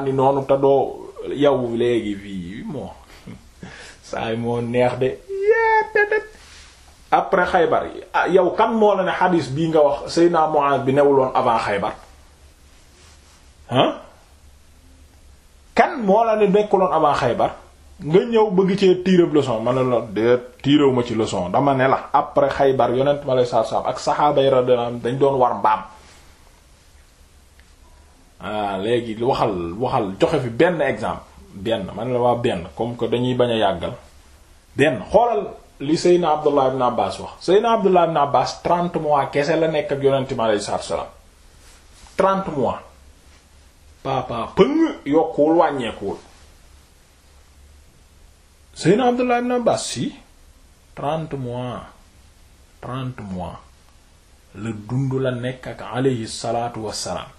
ni noonu te doo yow léegi fii moo saay moo neex de après xaybar ah, yow kan moo la ne xadiis bii nga wax sëy Seydina Muaz bi newuloon avant xaybar ah kan moo la ne nekkuloon avant xaybar nga ñëw bëgg cee tiirab leçon ma ne la de tiiraw ma ci leçon dama ne la après xaybar yonent ma lay saab saab ak saxaaba yi radiyallahu anhum dañ doon war mbaam ah léegi waxal waxal joxe fi benn exemple benn man la waa benn comme que dañuy bañ a yàggal benn xoolal li Seyna Abdullah ibn Abbas wax Seyna Abdullah ibn Abbas mois kese la nekk ak yonent mi aleyhi salaatu salaam 30 mois papa pëng yokkuwul wàññeekuwul Seyna Abdullah ibn Abbas si 30 mois 30 mois la dund la nekk ak aleyhi salaatu wassalaam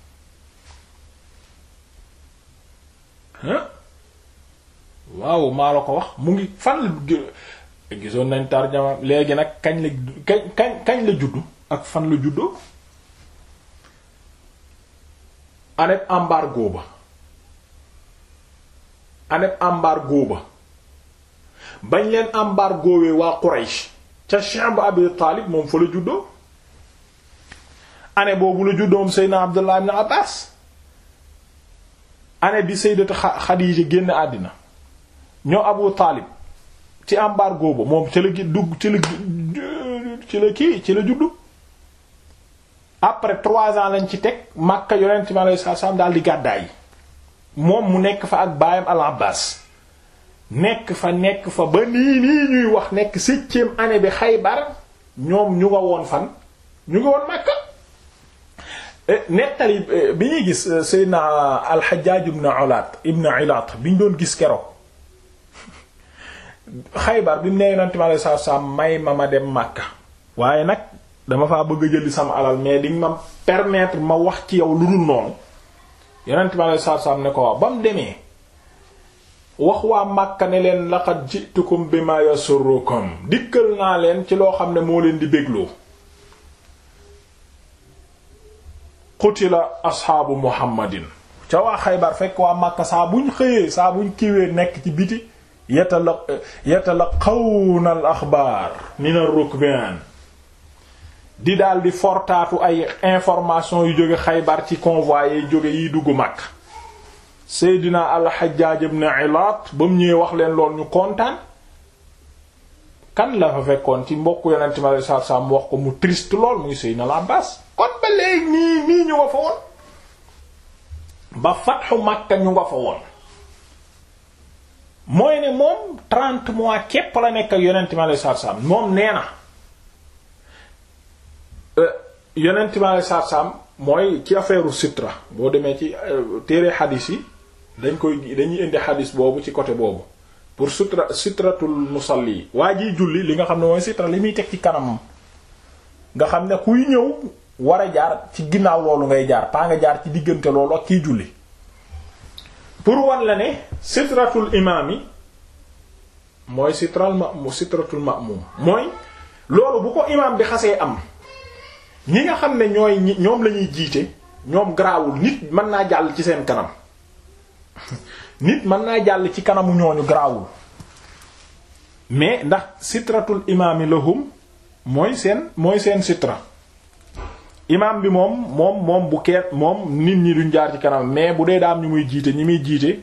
waaw maa ko wax mu ngi fan la gisoon nañ tarjama léegi nag kañ la kañ kañ kañ la juddu ak fan lu juddoo aneb embargo ba aneb embargo ba bañ leen embargowee waa Quraysh ca Shi'b Abi Taalib moom fa la juddoo ane boobu la juddoom Seydina Abdullah ibn Abbas année bi sayyidatu Xadiija génn àddina ñoo Abu Taalib ci embargo ba moom ci la dugg ci la ci la kii ci la juddu après trois ans lañ ci teg Makka yonent mi alayhi salaam daal di gàddaay moom mu nekk fa ak baayam al-Abbaas nekk fa nekk fa ba nii nii ñuy wax nekk septième année bi Xaybar ñoom ñu nga woon fan ñu nga woon Makka Eh, nettali eh, bi ñuy gis eh, Seydina al-Hajjaj ibn Ilaat ibn Ilaat bi ñu doon gis keroog Xaybar bi mu nee Yonent mi alayhi salaatu may ma ma dem Makka waaye nag dama fa bëgg a jëli sama alal mais di ma permettre ma wax ci yow lu dul noonu Yonent mi ne ko waaw ba mu demee wax waa Makka ne leen laqad ji'tukum bimaa yasurrukum dikkal naa leen ci loo xam ne moo leen di bégloo qutila asxaabu muhammadin ca waa xaybar fekk waa Makka saa buñ xëyee saa buñ kiiwee nekk ci biti yatala yatalaqawna al axbaar min ar-rukbaan di daal di fortaatu ay information yu jóge xaybar ci convois yi jóge yiy dugg Makka Seydina al-Hajjaaj ibn Ilaat ba mu ñëwee wax leen lool ñu kontaan kan la fa fekkoon ci mbokk yonent ma sa sa mu wax ko mu triste lool muy Seydina Abbas kon ba léegi nii nii ñu nga fa woon ba fatxu Makka ñu nga fa woon mooy ne moom trente mois kepp la nekk ak yonent ma sa sa moom nee na euh, yonent ma sa mooy ci affaire sitra boo demee ci euh, téere xadiis yi dañ koy dañuy indi xadiis boobu ci côté boobu pour sutra sitratul musalli waa jiy julli li nga xam ne mooy sitra li muy teg ci kanamam nga xam ne kuy ñëw war a jaar ci ginnaaw loolu ngay jaar paa nga jaar ci diggante loolu ak kiy julli pour wan la ne sitratul imaam yi mooy sitral ma'mum sitratul ma'mum mooy loolu bu ko imaam bi xasee am ñi nga xam ne ñooy ñoom lañuy jiite ñoom garaawul nit mën naa jàll ci seen kanam nit mën naa jàll ci kanamu ñooñu garaawul mais ndax sitratul imaami lahum mooy seen mooy seen sitra imaam bi moom moom moom bu keet moom nit ñi duñ jaar ci kanam mais bu dee daam ñu muy jiite ñi muy jiite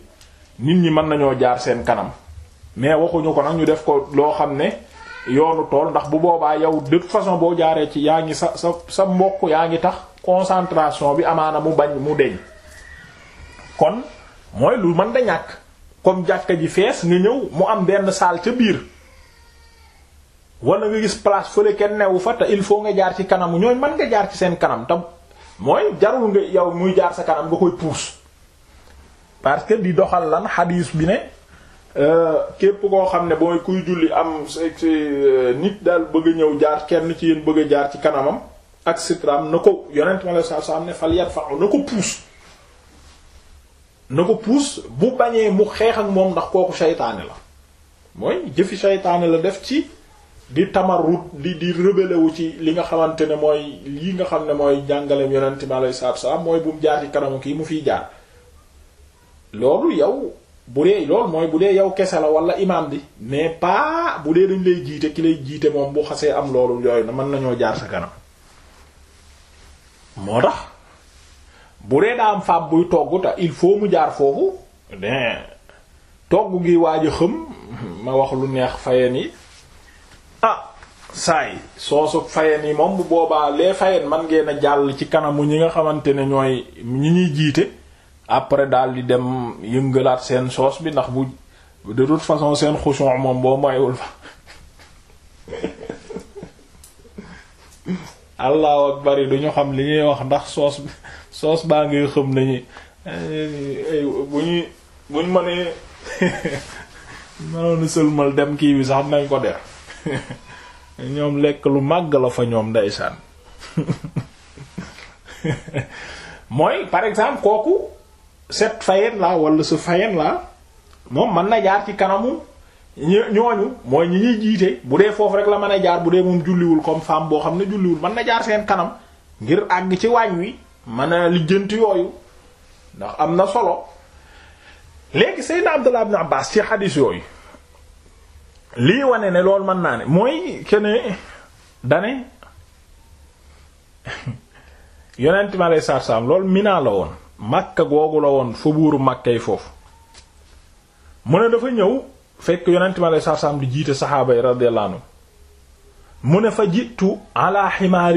nit ñi mën nañoo jaar seen kanam mais waxuñu ko nag ñu def ko loo xam ne yoonu tool ndax bu boobaa yow de toute façon boo jaaree ci yaa ngi sa sa sa mbokk yaa ngi tax concentration bi amaana mu bañ mu deñ kon mooy lu man da ñàkk comme jàkka ji fees nga ñëw mu am benn saal ca biir wala nga gis place fële kenn newu fa te il faut nga jaar ci kanamu ñooy mën nga jaar ci seen kanam mooy jarul yow muy jaar sa kanam nga koy puus parce que di doxal lan xadiis bi ne euh, képp koo xam ne booy kuy julli am euh, nit daal bëgg ñëw jaar kenn ci yéen bëgg a jaar ci kanamam ak sitram na ko yonent ma la sa am ne fal yat fa na ko puus na ko puus bu bañee mu xeex ak moom ndax kooku saytaane la mooy jëfi saytaane la def ci di tamarrut di di rebelle wu ci li nga xamante ne mooy lii nga xam ne mooy jàngaleem yonent mi alayhi salaatu salaam mooy bu mu jaar ci kanamu kii mu fiy jaar loolu yow bu dee loolu mooy bu dee yow kese la wala imaan bi mais pas bu dee dañ lay jiite ki lay jiite moom bu xasee am loolu yooyu na mën nañoo jaar sa kanam moo tax bu dee daa am femme buy togg te il faut mu jaar foofu den togg gi waaj a xëm ma wax lu neex fayen yi ah saay soosu fayen yi moom bu boobaa lee fayen man ngeen a jàll ci kanamu ñi nga xamante ne ñooy ñi ñuy jiite après daal di dem yëngalaat seen soos bi ndax bu de toute façon seen xuchon moom boo moywul fa allahu bari yi ñu xam li ñuy wax ndax soos bi soos baa ngay xam nañu bu ñuy bu ñu mënee mënoon sëlmal dem kii bi sax nañ ko der ñoom lekk lu màgg la fa ñoom ndeysaan mooy par exemple kooku set fayen la wala sa fayen laa moom man na jaar ci kanamu ñooñu mooy ñi ñuy jiite bu dee foofu rek la man a jaar bu dee moom julliwul comme femme boo xam ne julliwul man na jaar seen kanam ngir àgg ci waañ wi mën a lijjanti yooyu ndax am na solo léegi Seydina Abdullah ibn Abbas ci xadiis yooyu lii wane ne lool mën naa ne mooy kene dane yonent mi aleyhi salaatu salaam loolu Mina la woon Makka googu la woon fa buuru Makka yi foofu mu ne dafa ñëw fekk yonent mi aleyhi salaatu salaam di jiite saxaaba yi radiyallahu mu ne fa jiitu ala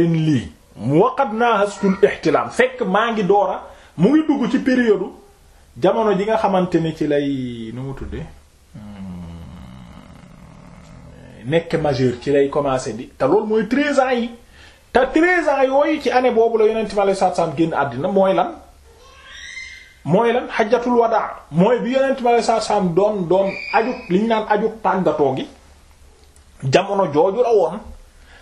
lii waqat naa hastul ihtilaam fekk maa ngi doora mu ngi dugg ci période jamono ji nga xamante ni ci lay nu mu tudde hmm. nekke majeur ci lay commencer di te loolu mooy treize ans yi te treize ans yooyu ci année boobu la yonent mi alayhi salaatu salaam génn àddina mooy lan mooy lan xajjatul wadaa mooy bi yonent mi alayhi salaatu salaam doon doon aju liñ naan aju tàggatoo gi jamono jooju la woon.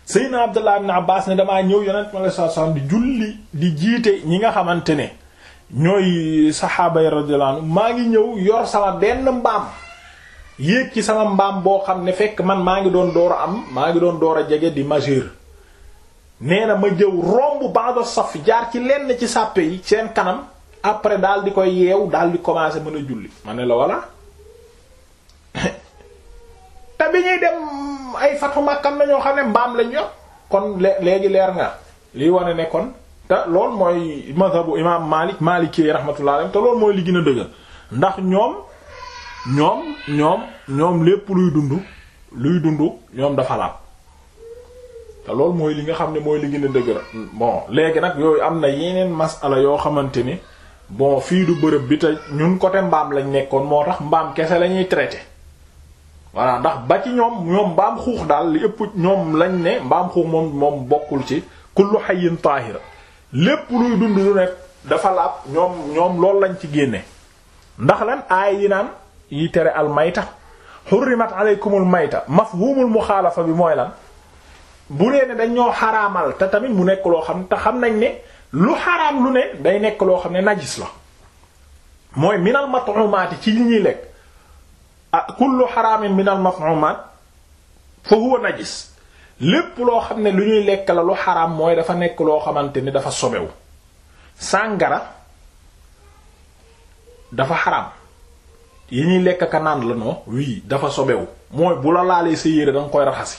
Seydina Abdullah ibn Abbas ne damaa ñëw yonent mi alayhi salaatu salaam di julli di jiite ñi nga xamante ne ñooy saxaaba yi maa ngi ñëw yor sama benn mbaam yéeg ci sama mbaam boo xam ne fekk man maa ngi doon door a am maa ngi doon door a jege di majeur nee na ma jëw romb baado saf jaar ci lenn ci sàppe yi seen kanam après daal di koy yeew daal di commencer mën a julli ma ne la walla te bi ñuy dem ay fatu màkkam na ñoo xam ne mbaam lañ yor kon léegi leer nga lii wane nekkoon te loolu mooy mazhabu imam Malik Maliki rahmatullah alayhi te loolu mooy li gën a dëgër ndax ñoom ñoom ñoom ñoom lépp luy dund luy dund ñoom dafa te loolu mooy li nga xam ne mooy li gën a dëgër bon léegi nag yooyu am na yeneen masala yoo xamante ni bon fii du bërëb bi te ñun côté mbaam lañ nekkoon moo tax mbaam kese la ñuy traité voilà ndax ba ci ñoom ñoom mbaam xuux daal li ëpp ñoom lañ ne mbaam xuux moom moom bokkul ci kullu hayyin taahira lépp luy dund lu nekk dafa laab ñoom ñoom loolu lañ ci génne ndax lan aay yi naan yi tere al mayta xurrimat aleykumul mayta mafhumul muxaalafa bi mooy lan bu dee ne dañ ñoo xaraamal te tamit mu nekk loo xam ne te xam nañ ne lu xaraam lu ne day nekk loo xam ne najis la mooy minal mat'umati ci li ñuy lekk kullu xaraamin min al maf'umat fa huwa najis lépp loo xam ne lu ñuy lekk la lu xaraam mooy dafa nekk loo xamante ni dafa sobewu sàngara dafa xaraam yi ñuy lekk ka naan la non oui dafa sobewu mooy bu la laalee sa yére danga koy raxasi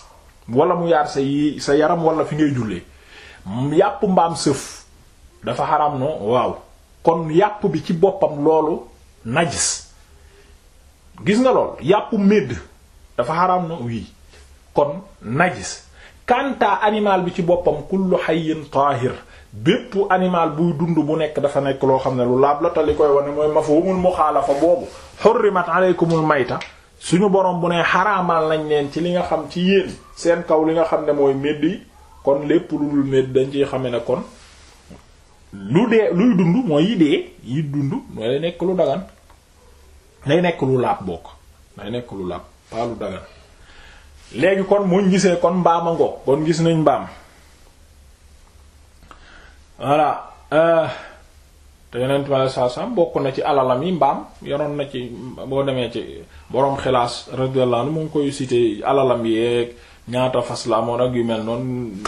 wala mu yaar sa yi sa yaram wala fi ngay jullee yàpp mbaam sëf dafa xaram non waaw kon yàpp bi ci boppam loolu najis gis nga lool yàpp médd dafa xaraam na wii kon najis kanta animal bi ci boppam kullu hayyin taahir bépp animal buy dund bu nekk dafa nekk loo xam ne lu laab la te li koy wane mooy mafhumul muxaalafa boobu hurrimat alaykumul mayta suñu borom bu ne xaraamal nañ leen ci li nga xam ci yéen seen kaw li nga xam ne mooy médd yi kon lépp lu dul médd dañ ciy xame ne kon lu dee luy dund mooy yi dee yi dund mooy nekk lu dagan day nekk lu laab bokk day nekk lu laab pas lu dagan léegi kon muñ gisee kon mbaama ngoo kon gis nañ mbaam voilà euh, te yonent bi saa saam bokk na ci alalam yi mbaam yoroon na ci boo demee ci boroom xilaas radiyallahu anhu mu ngi koy cité alalam yeeg ñaata fas la amoon ak yu mel noonu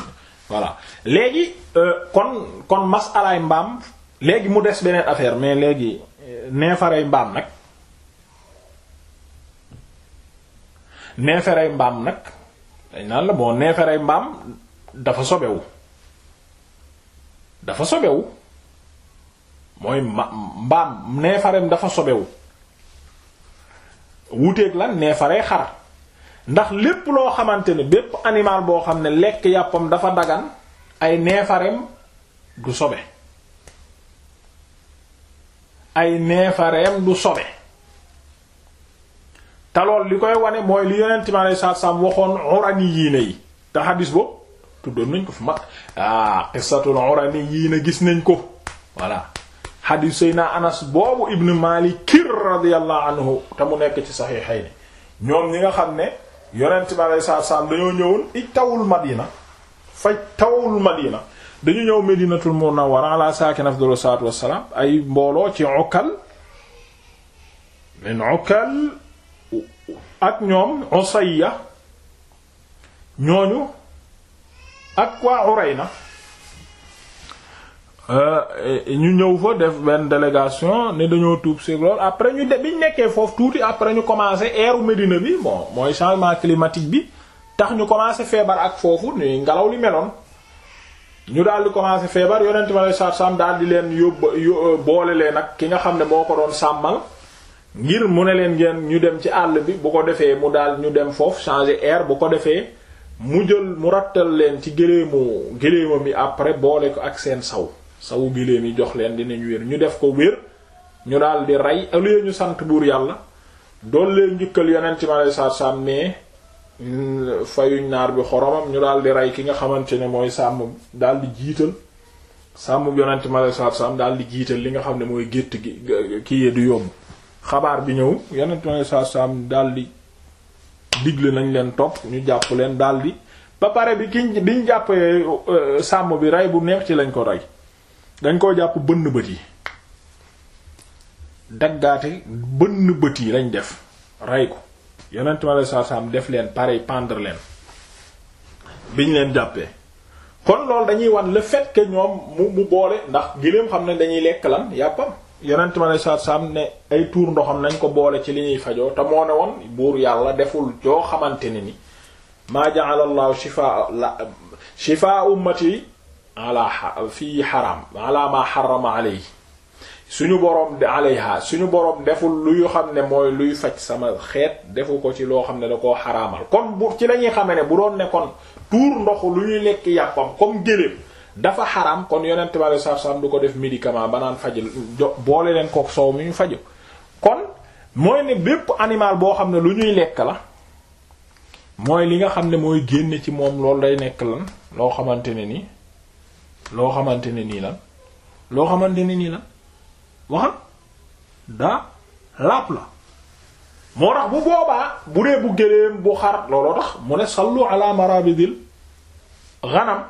voilà léegi euh, kon kon masalaay mbaam léegi mu des beneen affaire mais léegi euh, neefaree mbaam nag. neeferay mbaam nag dañ naan la bon neeferay mbaam dafa sobewu dafa sobewu mooy ma mbaam neefareem dafa sobewu wuteeg la neefaree xar ndax lépp loo xamante ne bépp animal boo xam ne lekk yàppam dafa dagan ay neefareem du sobe ay neefareem du sobe te lool li koy wane mooy li yonent mi alayhi salaatu salaam waxoon uraniyiina yi te xadis boobu tuddoon nañ ko fu mag ah yii na gis nañ ko voilà xadis sayna anas boobu ibn Maalik radiyallahu anhu te mu nekk ci saxiixayni ñoom ñi nga xam ne yonent mi alayhi salaatu salaam dañoo ñëwoon ij tawul Madina faj tawul Madina dañu ñëw Madinatul Munawwara ala saakin afdalu salaatu wassalaam ay mbooloo ci Ukal min Ukal ak ñoom Usayya ñooñu ak waa Urayna euh, ñu ñëw fa def benn délégation ne dañoo tuub si lool après ñu de ñu nekkee foofu tuuti après ñu commencé eeru Médina bi mooy changement climatique bi tax ñu commencé feebar ak foofu ngelaw li meloon ñu daal di commencé feebar yonent ma lay daal di leen yóbbu boole leen ak ki nga xam ne boo ko doon sàmmal ngir mu ne leen ngeen ñu dem ci àll bi bu ko defee mu daal ñu dem foofu changer air bu ko defee mu jël mu rattal leen ci géléemu géléemam yi après boole ko ak seen saw sawu géléem yi jox leen dinañ wér ñu def ko wér ñu daal di rey alee ñu sant buur yàlla dool leen njukkal yonent mi alei satu salaam mais fayuñ naar bi xoromam ñu daal di rey ki nga xamante ne mooy sàmm daal di jiital sàmm yonent mi alei satu salaam daal di jiital li nga xam ne mooy gétt gi kii du xabaar bi ñëw yonent ma saa saam daldi digle nañ leen topp ñu jàpp leen daldi ba pare bi ki biñ jàppee euh, sàmm bi rey bu neex ci lañ ko rey dañ koo jàpp bënn bët yi daggaate bënn bët yi lañ def rey ko yonent ma saa saam def leen pare pendre leen biñ leen jàppee kon loolu dañuy wan le fait que ñoom mu mu boole ndax giléem xam ne dañuy lekk lan yàppam yonent ma lay saa saam ne ay tuur ndoxam nañ ko boole ci li ñuy fajoo te moo ne woon buur yàlla deful joo xamante ne ni maa ja'ala Allahu shifaa la shifaa ummati fii xaram ma xarama alayhi suñu boroom di alayha suñu boroom deful luy xam ne mooy luy faj sama xeet defu ko ci loo xam ne da koo xaraamal kon bu ci lañuy xame ne bu doon ne kon tuur ndox lu ñuy lekk yàppam comme gëléem dafa xaram kon yonent bi alei satu salaam du ko def médicament ba naan faj jo boole leen kook soow mi ñu faju kon mooy ne bépp animal boo xam ne lu ñuy lekk la mooy li nga xam ne mooy génne ci moom loolu day nekk lan loo xamante ne nii loo xamante ne nii lan loo xamante ne nii lan waxam daa laab la moo tax bu boobaa bu dee bu gëléem bu xar looloo tax mu ne sallu ala marabidil ghanam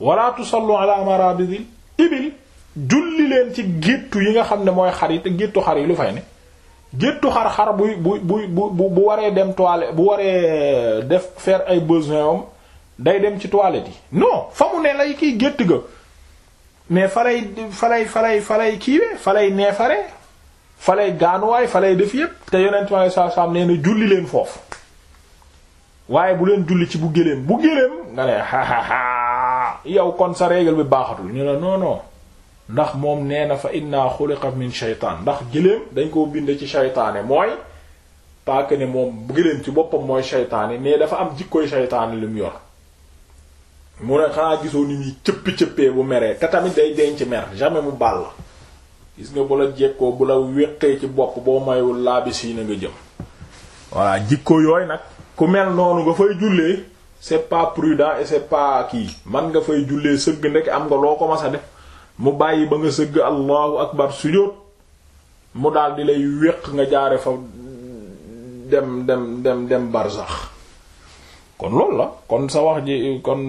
wala tusallu ala marabidil ibil julli leen ci géttu yi nga xam ne mooy xar yi te géttu xar yi lu fay ne géttu xar-xar buy bu bu bu bu waree dem toilette bu waree def faire ay besoin am day dem ci toilette yi non fa mu ne lay kiy gétt ga mais falay fa falay falay kiiwe falay neefare falay gaanuwaay falay def yépp te yonent mi alei satu salaam nee na julli leen foofu waaye bu leen julli ci bu géléem bu géléem nga ne yow kon sa règle bi baaxatul ñu la non ndax moom nee na fa inna xuliqa min shaytaan ndax gëléem dañ koo bind ci shaytaane mooy pas que ne moom gëléem ci boppam mooy shaytaane mais dafa am jikkoy shaytaane lu mu yor mu ne xanaa gisoo ni muy cëppi cëppee bu meree te tamit day denc mer jamais mu baal la gis nga bu la jekkoo bu la wéqee ci bopp boo mayul laabis yi nga jëm voilà jikko yooyu nag ku mel noonu nga fay jullee c'est pas prudent et c'est pas kii man nga fay jullee sëgg ndek am nga loo ko mas a def mu bàyyi ba nga sëgg allahu akbar sujjóot mu daal di lay wéq nga jaare fa dem dem dem dem barzax kon loolu la kon sa wax ji kon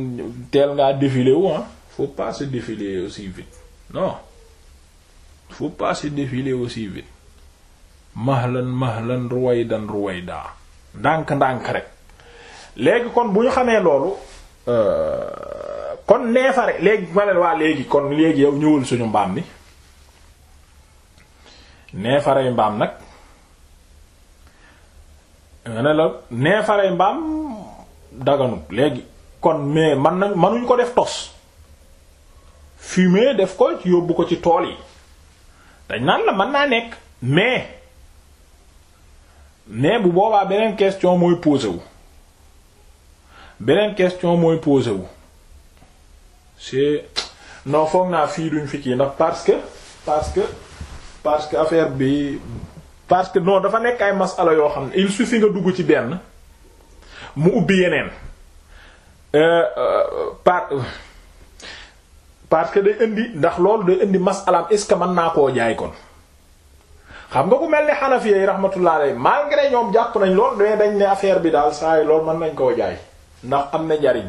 teel ngaa défiler wu ah faut pas se défiler aussi vite non faut pas se défiler aussi vite mahlan mahlan ruwaydan ruwayda ndànk-ndànk rek léegi kon bu ñu xamee loolu euh, kon neefare léegi ma waa léegi kon léegi yow ñëwal suñu mbaam mi neefarey mbaam nag nga ne la neefarey mbaam daganut léegi kon mais man nañ mënuñ ko def tos fumier def ko yóbbu ko ci tool yi dañ naan la mën naa nekk mais mais bu boobaa beneen question mooy posé wu beneen question mooy posé wu c'est foog naa fii duñ fi kii ndax parce que parce que parce que affaire bi parce que non dafa nekk ay mas masala yoo xam ne il suffit nga dugg ci benn mu ubbi yeneen euh, euh, par parce que day indi ndax loolu day indi masalaam est ce que mën naa koo jaay kon xam nga ku mel ni Hanafi yi maa alayhi malgré ñoom jàpp nañ lool dañ ne affaire bi daal saa yi loolu mën nañ koo jaay. ndax am na njariñ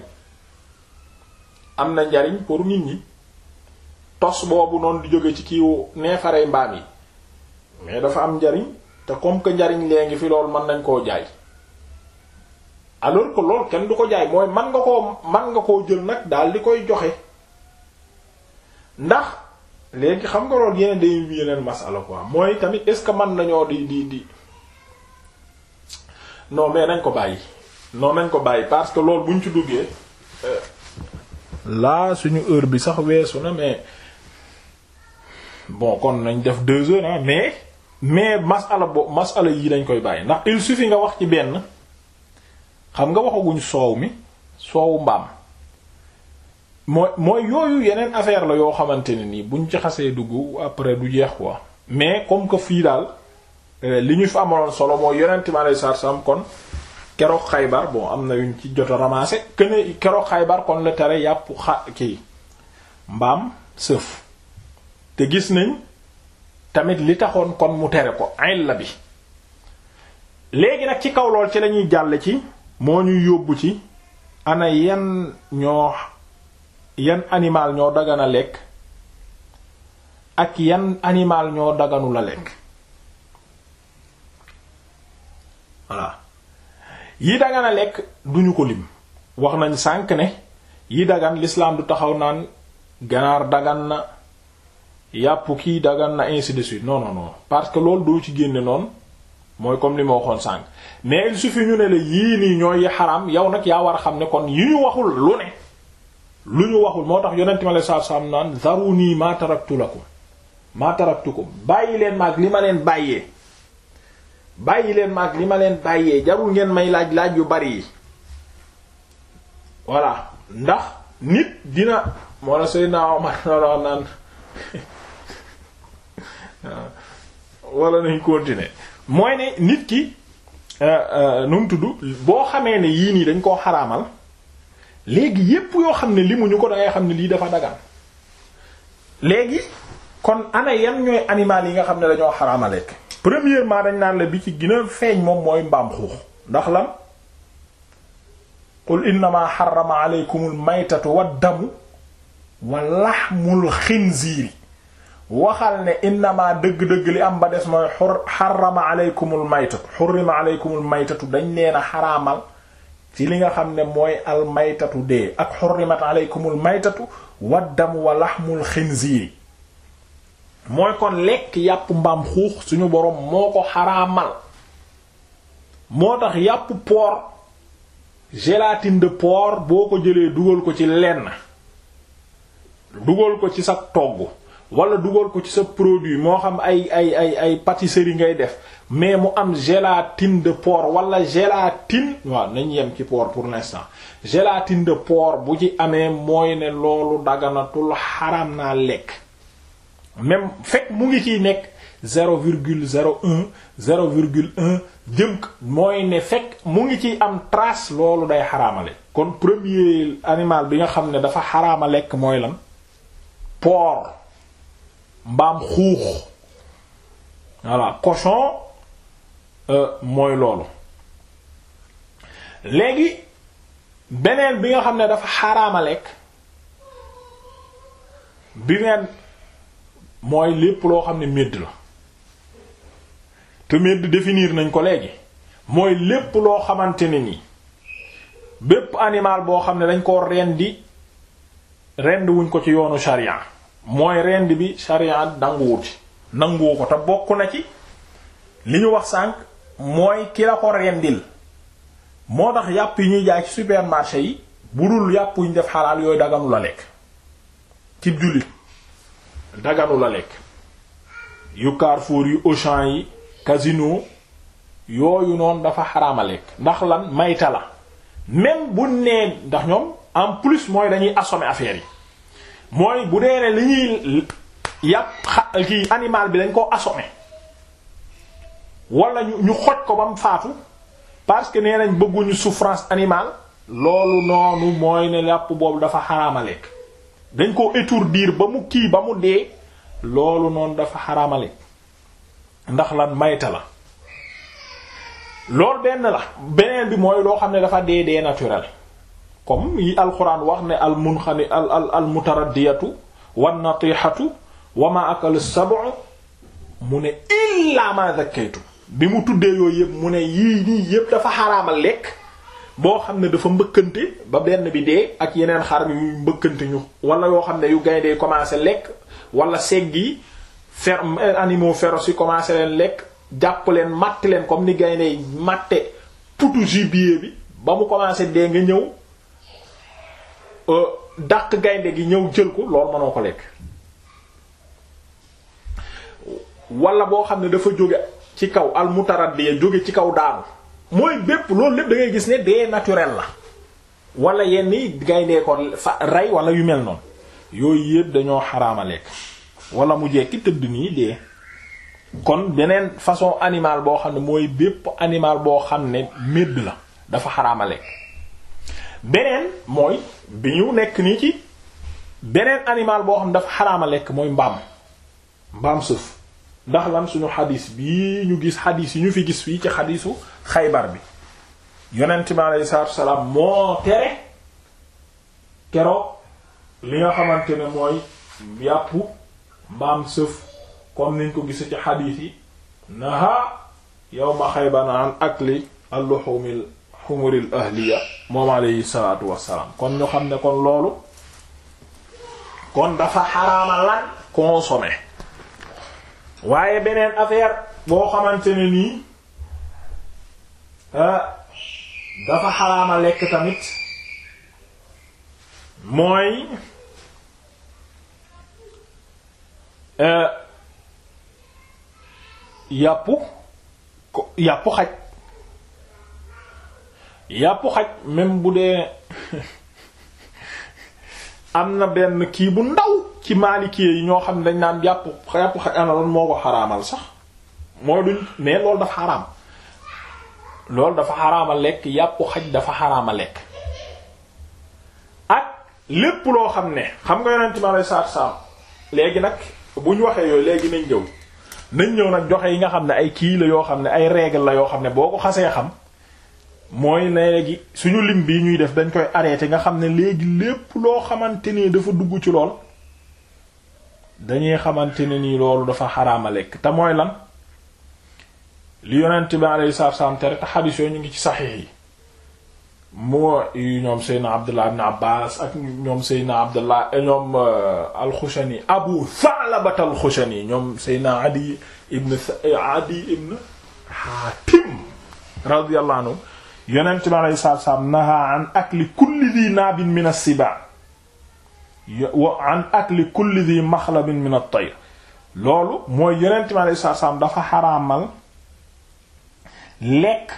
am na njariñ pour nit ñi tos boobu noonu di jóge ci kiiwu neefaree mbaam yi mais dafa am njariñ te comme que njariñ lee ngi fi loolu mën nañ koo jaay alors que loolu kenn du ko jaay mooy man nga koo man nga koo jël nag daal di koy joxe ndax léegi xam nga loolu yeneen day yeneen masala quoi mooy tamit est-ce que mën nañoo di di di non mais nañ ko bàyyi noonu nañ ko bàyyi parce que loolu bu ñu ci duggee euh, laa suñu heure bi sax weesu na mais bon kon nañ def deux heures ah mais mais masala bo masala yi nañ koy bàyyi ndax il suffit nga wax ci benn xam nga waxaguñu soow mi soowu mbaam mooy mooy yooyu yeneen affaire la yoo xamante ne nii buñ ci xasee dugg après du jeex quoi mais comme que fii daal euh, li ñu fi amaloon solo mooy yonent mi alayhi salaam kon keroog xaybar bon am na yuñ ci jot a këne keroog xaybar kon la tere yàpp xa kii mbaam sëf te gis nañ tamit li taxoon kon mu tere ko ay la bi léegi nag ci kaw lool ci lañuy jàll ci moo ñuy yóbbu ci ana yan ñoo yan animal ñoo dagan lekk ak yan animal ñoo daganu la lekk voilà yi dagan a lekk duñu ko lim wax nañ sànq ne yi dagan lislaam du taxaw naan ganaar dagan na yàpp kii dagan na ainsi de suite non non parce que loolu doo ci génne noonu mooy comme li ma waxoon sànq mais il suffit ñu ne la yii nii ñooy yi xaraam yow nag yaa war a xam ne kon yi ñu waxul lu ne lu ñu waxul moo tax yonent ma la saa saam naan zaruni ma taraktu lakum ma ko bàyyi leen maag li ma leen bàyyee. bàyyi leen ma ak li ma leen bàyyee jarul ngeen may laaj laaj yu bari yi voilà ndax nit dina moo la Seydina Omar noonu naan wala nañ continuer mooy ne nit ki euh, euh, nu mu tudd boo xamee ne yii nii dañ koo xaraamal léegi yépp yoo xam ne ñu ko dangay xam ne lii dafa dagaan léegi kon ana yan ñooy animal yi nga xam ne dañoo xaraama lekk premièrement dañ naa la bi ci gën feeñ moom mooy mbaam xuux ndax lan qul innama xarama aleykum maytatu waddamu wa laxmul xinziiri waxal ne innama dëgg-dëgg li am ba des mooy xarama aleykum al maytatu xurrima aleykum maytatu dañ neena xaraamal ci li nga xam ne mooy al maytatu dee ak xurrimat aleykum maytatu waddamu wa laxmul xinziiri mooy kon lekk yàpp mbaam xuux suñu borom moo ko xaraamal moo tax yàpp porc gélatine de porc boo ko jëlee dugal ko ci lenn dugal ko ci sa togg wala dugal ko ci sa produit moo xam ay ay ay ay pâtisserie ngay def mais mu am gélatine de porc wala gélatine waaw nañ yem ci porc pour l'instant gélatine de porc bu ci amee mooy ne loolu daganatul xaraam naa lekk même fekk mu ngi ciy nekk zéro virgule zéro un zéro virgule un jëm mooy ne fekk mu ngi ciy am trace loolu day xaramale kon premier animal bi nga xam ne dafa xaraama lekk mooy lan porc mbaam xuux euh, mooy loolu léegi beneen bi nga xam ne dafa xaraama lekk bi ngeen mooy lépp loo xam ne médd la te médd définir nañ ko léegi mooy lépp loo xamante ne ni bépp animal boo xam ne dañ ko rendi rend wuñ ko ci yoonu sharia mooy rend bi sharia danguwu ci nanguwu ko te bokk na ci li ñu wax sànq mooy ki la ko rendil moo tax yàpp yi ñuy jaay ci supermarché yi bu dul yàpp wuñ ñu def xalaal yooyu dagam la lekk ci jullit daganu la lekk yu Carrefour yu Auchan yi Casino yooyu noonu dafa xaraama lekk ndax lan mayta la même bu nee ndax ñoom en plus mooy dañuy assomé affaire yi mooy bu dee ne li ñuy yàpp xa kii animal bi dañ ko assommer wala ñu ñu xoj ko ba mu faatu parce que nee nañ bëgguñu souffrance animal loolu noonu mooy ne yàpp boobu dafa xaraama lekk dañ koo étourdir ba mu kii ba mu dee loolu noonu dafa xaraamale ndax lan mayta la lool benn la beneen bi mooy loo xam ne dafa dee dee naturel comme yi alxuraan wax ne al munxani al al al mutaraddiyatu wan natihatu wa ma akal mu ne illa ma zakkaytu bi mu tuddee yooyu yëpp mu ne yii nii yëpp dafa xaraamal lekk boo xam ne dafa mbëkkante ba benn bi dee ak yeneen xar yu mbëkkante ñu wala yoo xam ne yu gaynde commencé lekk wala segg yi fer animaux féroces yi commencé leen lekk jàpp leen matt leen comme ni gaynde yi matte putu gibier bi ba mu commencé dee nga ñëw euh, dàq gaynde gi ñëw jël ko loolu mënoo ko lekk wala boo xam ne dafa jóge ci kaw almutaraddiya jóge ci kaw daanu mooy bépp loolu lépp da gis ne dee naturel la wala yenn gaynde ko fa rey wala yu mel noonu yooyu yëpp dañoo xaraama lekk wala mu jekki tëdd nii dee kon beneen façon animal boo xam ne mooy bépp animal boo xam ne médd la dafa xaraama lekk beneen mooy bi ñu nekk nii ci beneen animal boo xam ne dafa xaraama lekk mooy mbaam mbaam suuf ndax lan suñu xadis bii ñu gis xadis yi ñu fi gis fii ci xadisu xaybar bi yonent bi aleyhi salaatu salaam moo tere keroog li nga xamante ne mooy yàpp mbaam sëf comme niñ ko gise ci xadis yi naha yawma xaybar an akli alluhumil humuril ahliya moom aleyhi salaatu wa salaam kon ñu xam ne kon loolu kon dafa xaraama lan consommer waaye beneen affaire boo xamante ne nii dafa xaraama lekk tamit mooy yàppu yàppu xaj yàppu xaj même bu dee am na benn kii bu ndaw ci maalikee yi ñoo xam ne dañ naan yàpp yàpp xanaloon moo ko xaraamal sax mooy duñ mais lool dafa xaraam loolu dafa xaraama lekk yàppu xaj dafa xaraama lekk ak lépp loo xam ne xam nga yonent mi alei saatu salaam léegi nag bu ñu waxee yooyu léegi nañ ñëw nañ ñëw nag joxe yi nga xam ne ay kii la yoo xam ne ay règle la yoo xam ne boo ko xasee xam mooy léegi suñu lim bi ñuy def dañ koy arrêté nga xam ne léegi lépp loo xamante ni dafa dugg ci lool dañuy xamante ne ni loolu dafa xaraama lekk te mooy lan li yonent bi alayhi salaatu salaam tere te xadiis yooyu ñu ngi ci saxiix yi moo ñoom seyna Abdullah ibn Abbas ak ñoom Seydina Abdullah ñoom uh, al-Xushani Abu Tha'laba al-Xushani ñoom Seydina Adi ibn Adi ibn Hatim radiyallahu anhu yeneen bi aleyhi salaatu salaam naha an akli kulli di naabin min as-sibaa wa an akli kulli di maxlabin min at-tayr loolu mooy yonent bi aleyhi salaatu salaam dafa xaraamal lekk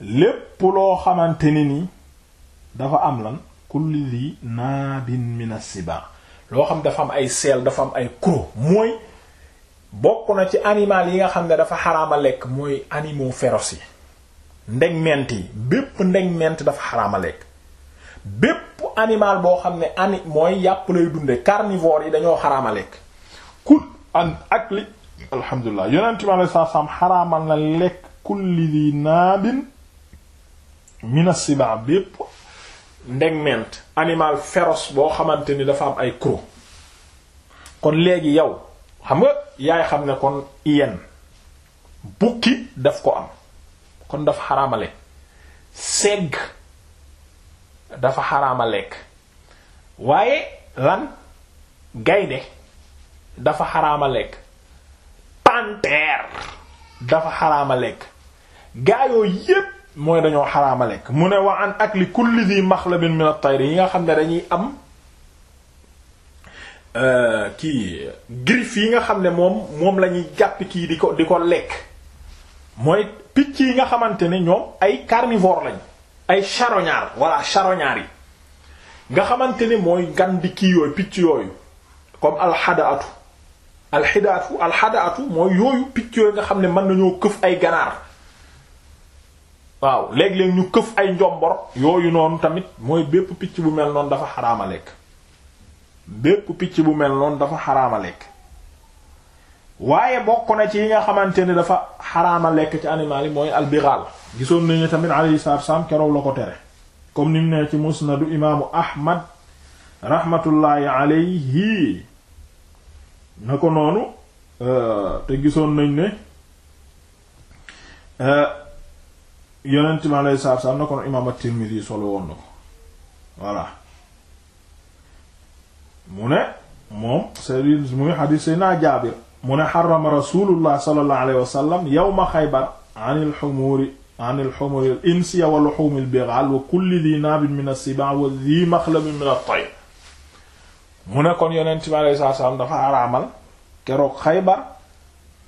lépp loo xamante ne nii dafa am lan kulli di naabin min as-sibaa loo xam dafa am ay seel dafa am ay croc mooy bokk na ci animal yi nga xam ne dafa xaraama lekk mooy animaux féroces ndeg ment yi bépp ndeg ment dafa xaraama lekk bépp animal boo xam ne ani mooy yàpp lay dunde carnivore yi dañoo xaraama lekk kul an ak li alhamdulilah yonente bi alei sat selaam xaraamal na lekk kulli di naabin mina siba bépp ndeg ment animal boo xamante ni dafa am ay croc kon léegi yow xam nga yaay xam ne kon iyeen bukki daf ko am kon dafa xaraama segg dafa xaraama lekk waaye lan gaynde dafa xaraama lekk panthère dafa xaraama lekk gaayoo yépp mooy dañoo xaraama lekk mu ne wax an akli kulli di maxlabin min at-tayr yi nga xam ne dañuy am euh, kii griffe yi nga xam ne moom moom lañuy jàpp kii di ko di ko lekk mooy picc yi nga xamante ne ñoom ay carnivore lañ ay charognard voilà charognard yi nga xamante ne mooy ngan di kii yooyu picc yooyu comme alxadaatu alxidaatu alxadaatu mooy yooyu picc yooyu nga xam ne mën nañoo këf ay ganaar waaw léeg-léeg ñu këf ay njombor yooyu noonu tamit mooy bépp picc bu mel noonu dafa xaraama lekk bépp picc bu mel noonu dafa xaraama lekk waaye bokk na ci yi nga xamante ne dafa xaraama lekk ci animal yi mooy albiraal gisoon nañu tamit alayhi salaatu wassalaam keroog la ko tere comme ni mu ne ci musnadu imaamu ahmad rahmatullahi alayhi na ko noonu euh, te gisoon nañ ne euh, yonent mi alayhi salaatu wassalaam na ko noonu imaam at-Tirmidhi solo woon na ko voilà mu ne moom c'est muy xadiis Seydina Jaabir mu ne xarama rasulullah sallallahu alayhi wa sallam yawma xaybar anil xumuuri anil xumuuril insi wa luxuumil bigaal wa kulli dii naabin min as wa dii maxlabin min at mu ne kon yonent bi alayhi salaam dafa araamal keroog xaybar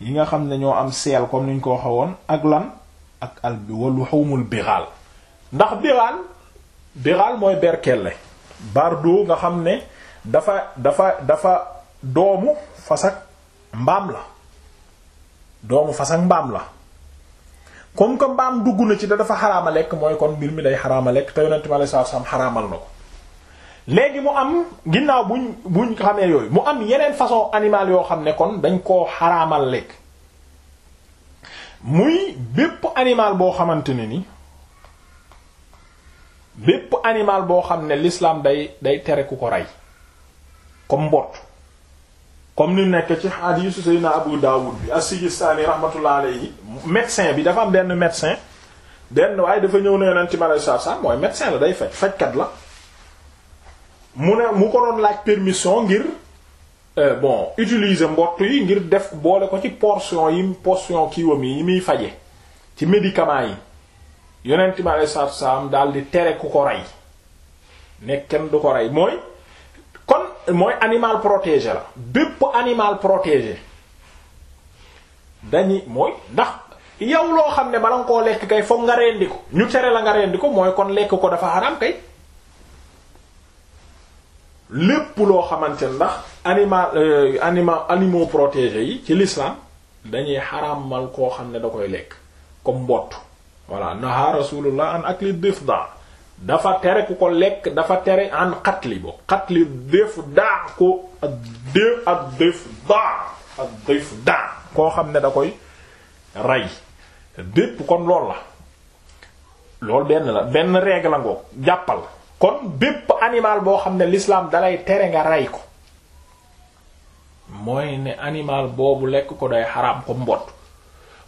yi nga xam ne ñoo am seel comme niñ ko waxe woon ak lan ak al bi ndax bigaal mooy berkelle bardo nga xam ne dafa dafa dafa doomu fasak mbaam la doomu fas ak mbaam la comme que mbaam dugg na ci da dafa xaraama lekk mooy kon mbir mi day xaraama lekk te yonent bi sallallahu alayhi wasallam xaraamal na ko léegi mu am ginnaaw buñ buñ xamee yooyu mu am yeneen façon animal yoo xam ne kon dañ koo xaraamal lekk muy bépp animal boo xamante ne ni bépp animal boo xam ne lislaam day day tere ku ko rey comme mbott comme ni nekk ci hadiisu Seydina Abu Dawud bi as-Sijistaani rahmatullah alayhi médecin bi dafa am benn médecin benn waaye dafa ñëw ne yonent mi sa salaam mooy médecin la day faj fajkat la mu ne mu ko doon laaj permission ngir euh, bon utiliser mbott yi ngir def boole ko ci portion yi portion kiiwam yi yi muy faje ci médicament yi yonent mi alayhi salaam daal di tere ku ko rey nekk kenn du ko rey mooy. mooy animal protégé la bépp animal protégé dañuy mooy ndax yow loo xam ne bala nga koo lekk kay foog nga rendi ko ñu tere la nga rendi ko mooy kon lekk ko dafa xaram kay lépp loo xamante ndax animal euh, animal animaux protégés yi ci l'islam dañuy xaramal koo xam ne da koy lekk comme mbott voilà naha rasulullah an akli difda dafa tere ku ko lekk dafa tere an xatli bo xatli def daa koo xam ne da koy rey bépp kon lool la loolu benn la benn règle la ngoo jàppal kon bépp animal boo xam ne lislaam dalay tere nga rey ko mooy ne animal boobu lekk ko day xaraam ko mbott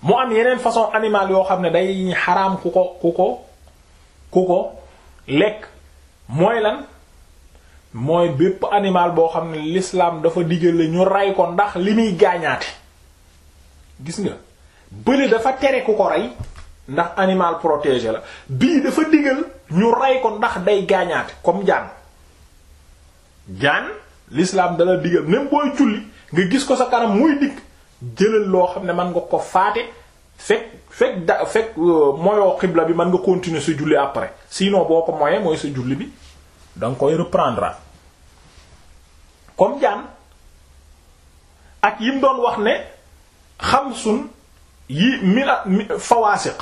mu am yeneen façon animal yoo xam ne day xaraam ko ku ko ku ko lekk mooy lan mooy bépp animal boo xam ne lislaam dafa digale ñu rey ko ndax li muy gaañaate gis nga bële dafa tere ku ko rey ndax animal protégé la bii dafa digal ñu rey ko ndax day gaañaate comme jaan jaan lislaam dala digal même booy julli nga gis ko sa kanam muy dikk jëlal loo xam ne mën nga ko faate fekk fekk da fekk euh, moyoo xibla bi mën nga continuer sa julli après sinon boo ko moyee mooy sa julli bi da nga koy reprendre comme jaan ak yim doon wax ne xam xamsun yi mina fawaasiq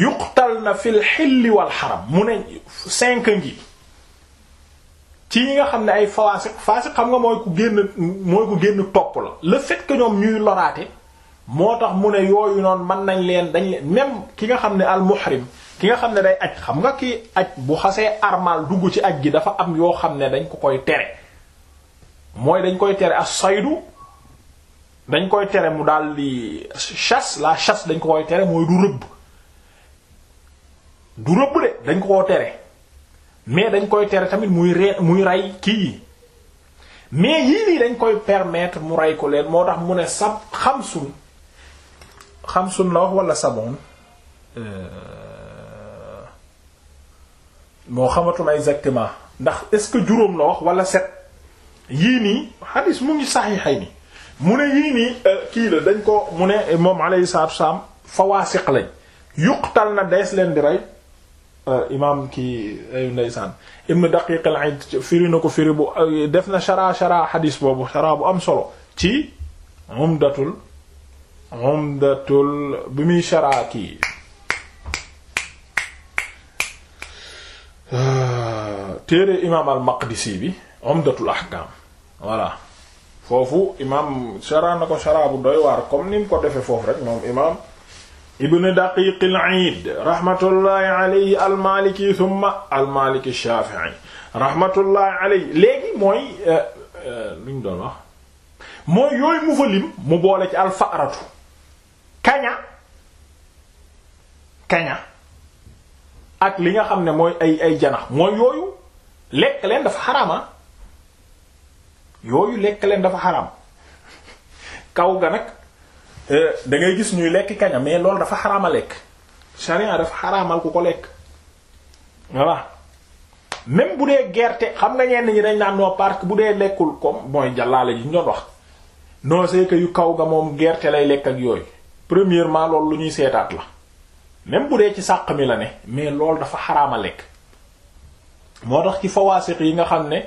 yuqtal na fil xilli wal xaram mu ne cinq ngi ci yi nga xam ne ay fawaasiq faasiq xam nga mooy ku génn mooy ku génn topp la le fait que ñoom ñuy loraate moo tax mu ne yooyu noonu mën nañ leen dañ leen même ki nga xam ne al muhrim ki nga xam ne day aj xam nga kii aj bu xasee armal dugg ci aj gi dafa am yoo xam ne dañ ko koy tere mooy dañ koy tere as saydu dañ koy tere mu daal di chasse la chasse dañ ko tere mooy du rëbb du rëbb de dañ koo tere mais dañ koy tere tamit muy re muy rey kii yi mais yii nii dañ koy permettre mu rey ko leen moo tax mu ne sab xamsun xam la wax wala sabon euh, moo xamatuma exactement ndax est-ce que juróom la wax wala set yii nii xadis mu ngi saxiixay ni mu ne yii euh, kii la dañ ko mu ne moom alayhi salaatu salaam fawaasiq lañ yuqtal na dees leen di rey euh, imaam kii ay ndeysaan ibn daqiq al-id firi na ko firi bu def na shara shara xadis boobu shara bu am solo ci umdatul umdatul bi muy sharaaki ah, téere imaam al-Maqdisi bi umdatul ahkaam voilà foofu imaam shara na ko shara bu doy waar comme ni mu ko defe foofu rek moom imaam ibn Daqiq al-Iid rahmatullahi alayhi al-Maliki thumma al-Maliki ash-Shafi'i rahmatullahi alayhi léegi mooy euh, euh, lu ñu doon wax mooy yooyu mu fa lim mu boole ci al-faqratu kaña kaña ak li nga xam ne mooy ay ay janax mooy yooyu lekk leen dafa xarama ah. yooyu lekk leen dafa xaram kaw ga nag eh, da ngay gis ñuy lekk kaña mais loolu dafa xarama lekk sharia dafa xaramal ku ko lekk voilà même bu dee gerte xam nga ñenn ñi dañ naan noo parce bu dee lekkul comme mooy jàllaale ji ñoo doon wax non c'est yu kaw ga moom gerte lay lekk ak yooyu premièrement loolu lu ñuy seetaat la même bu dee ci sàq mi la ne mais loolu dafa xaraama lekk moo tax ci fawaasiq yi nga xam ne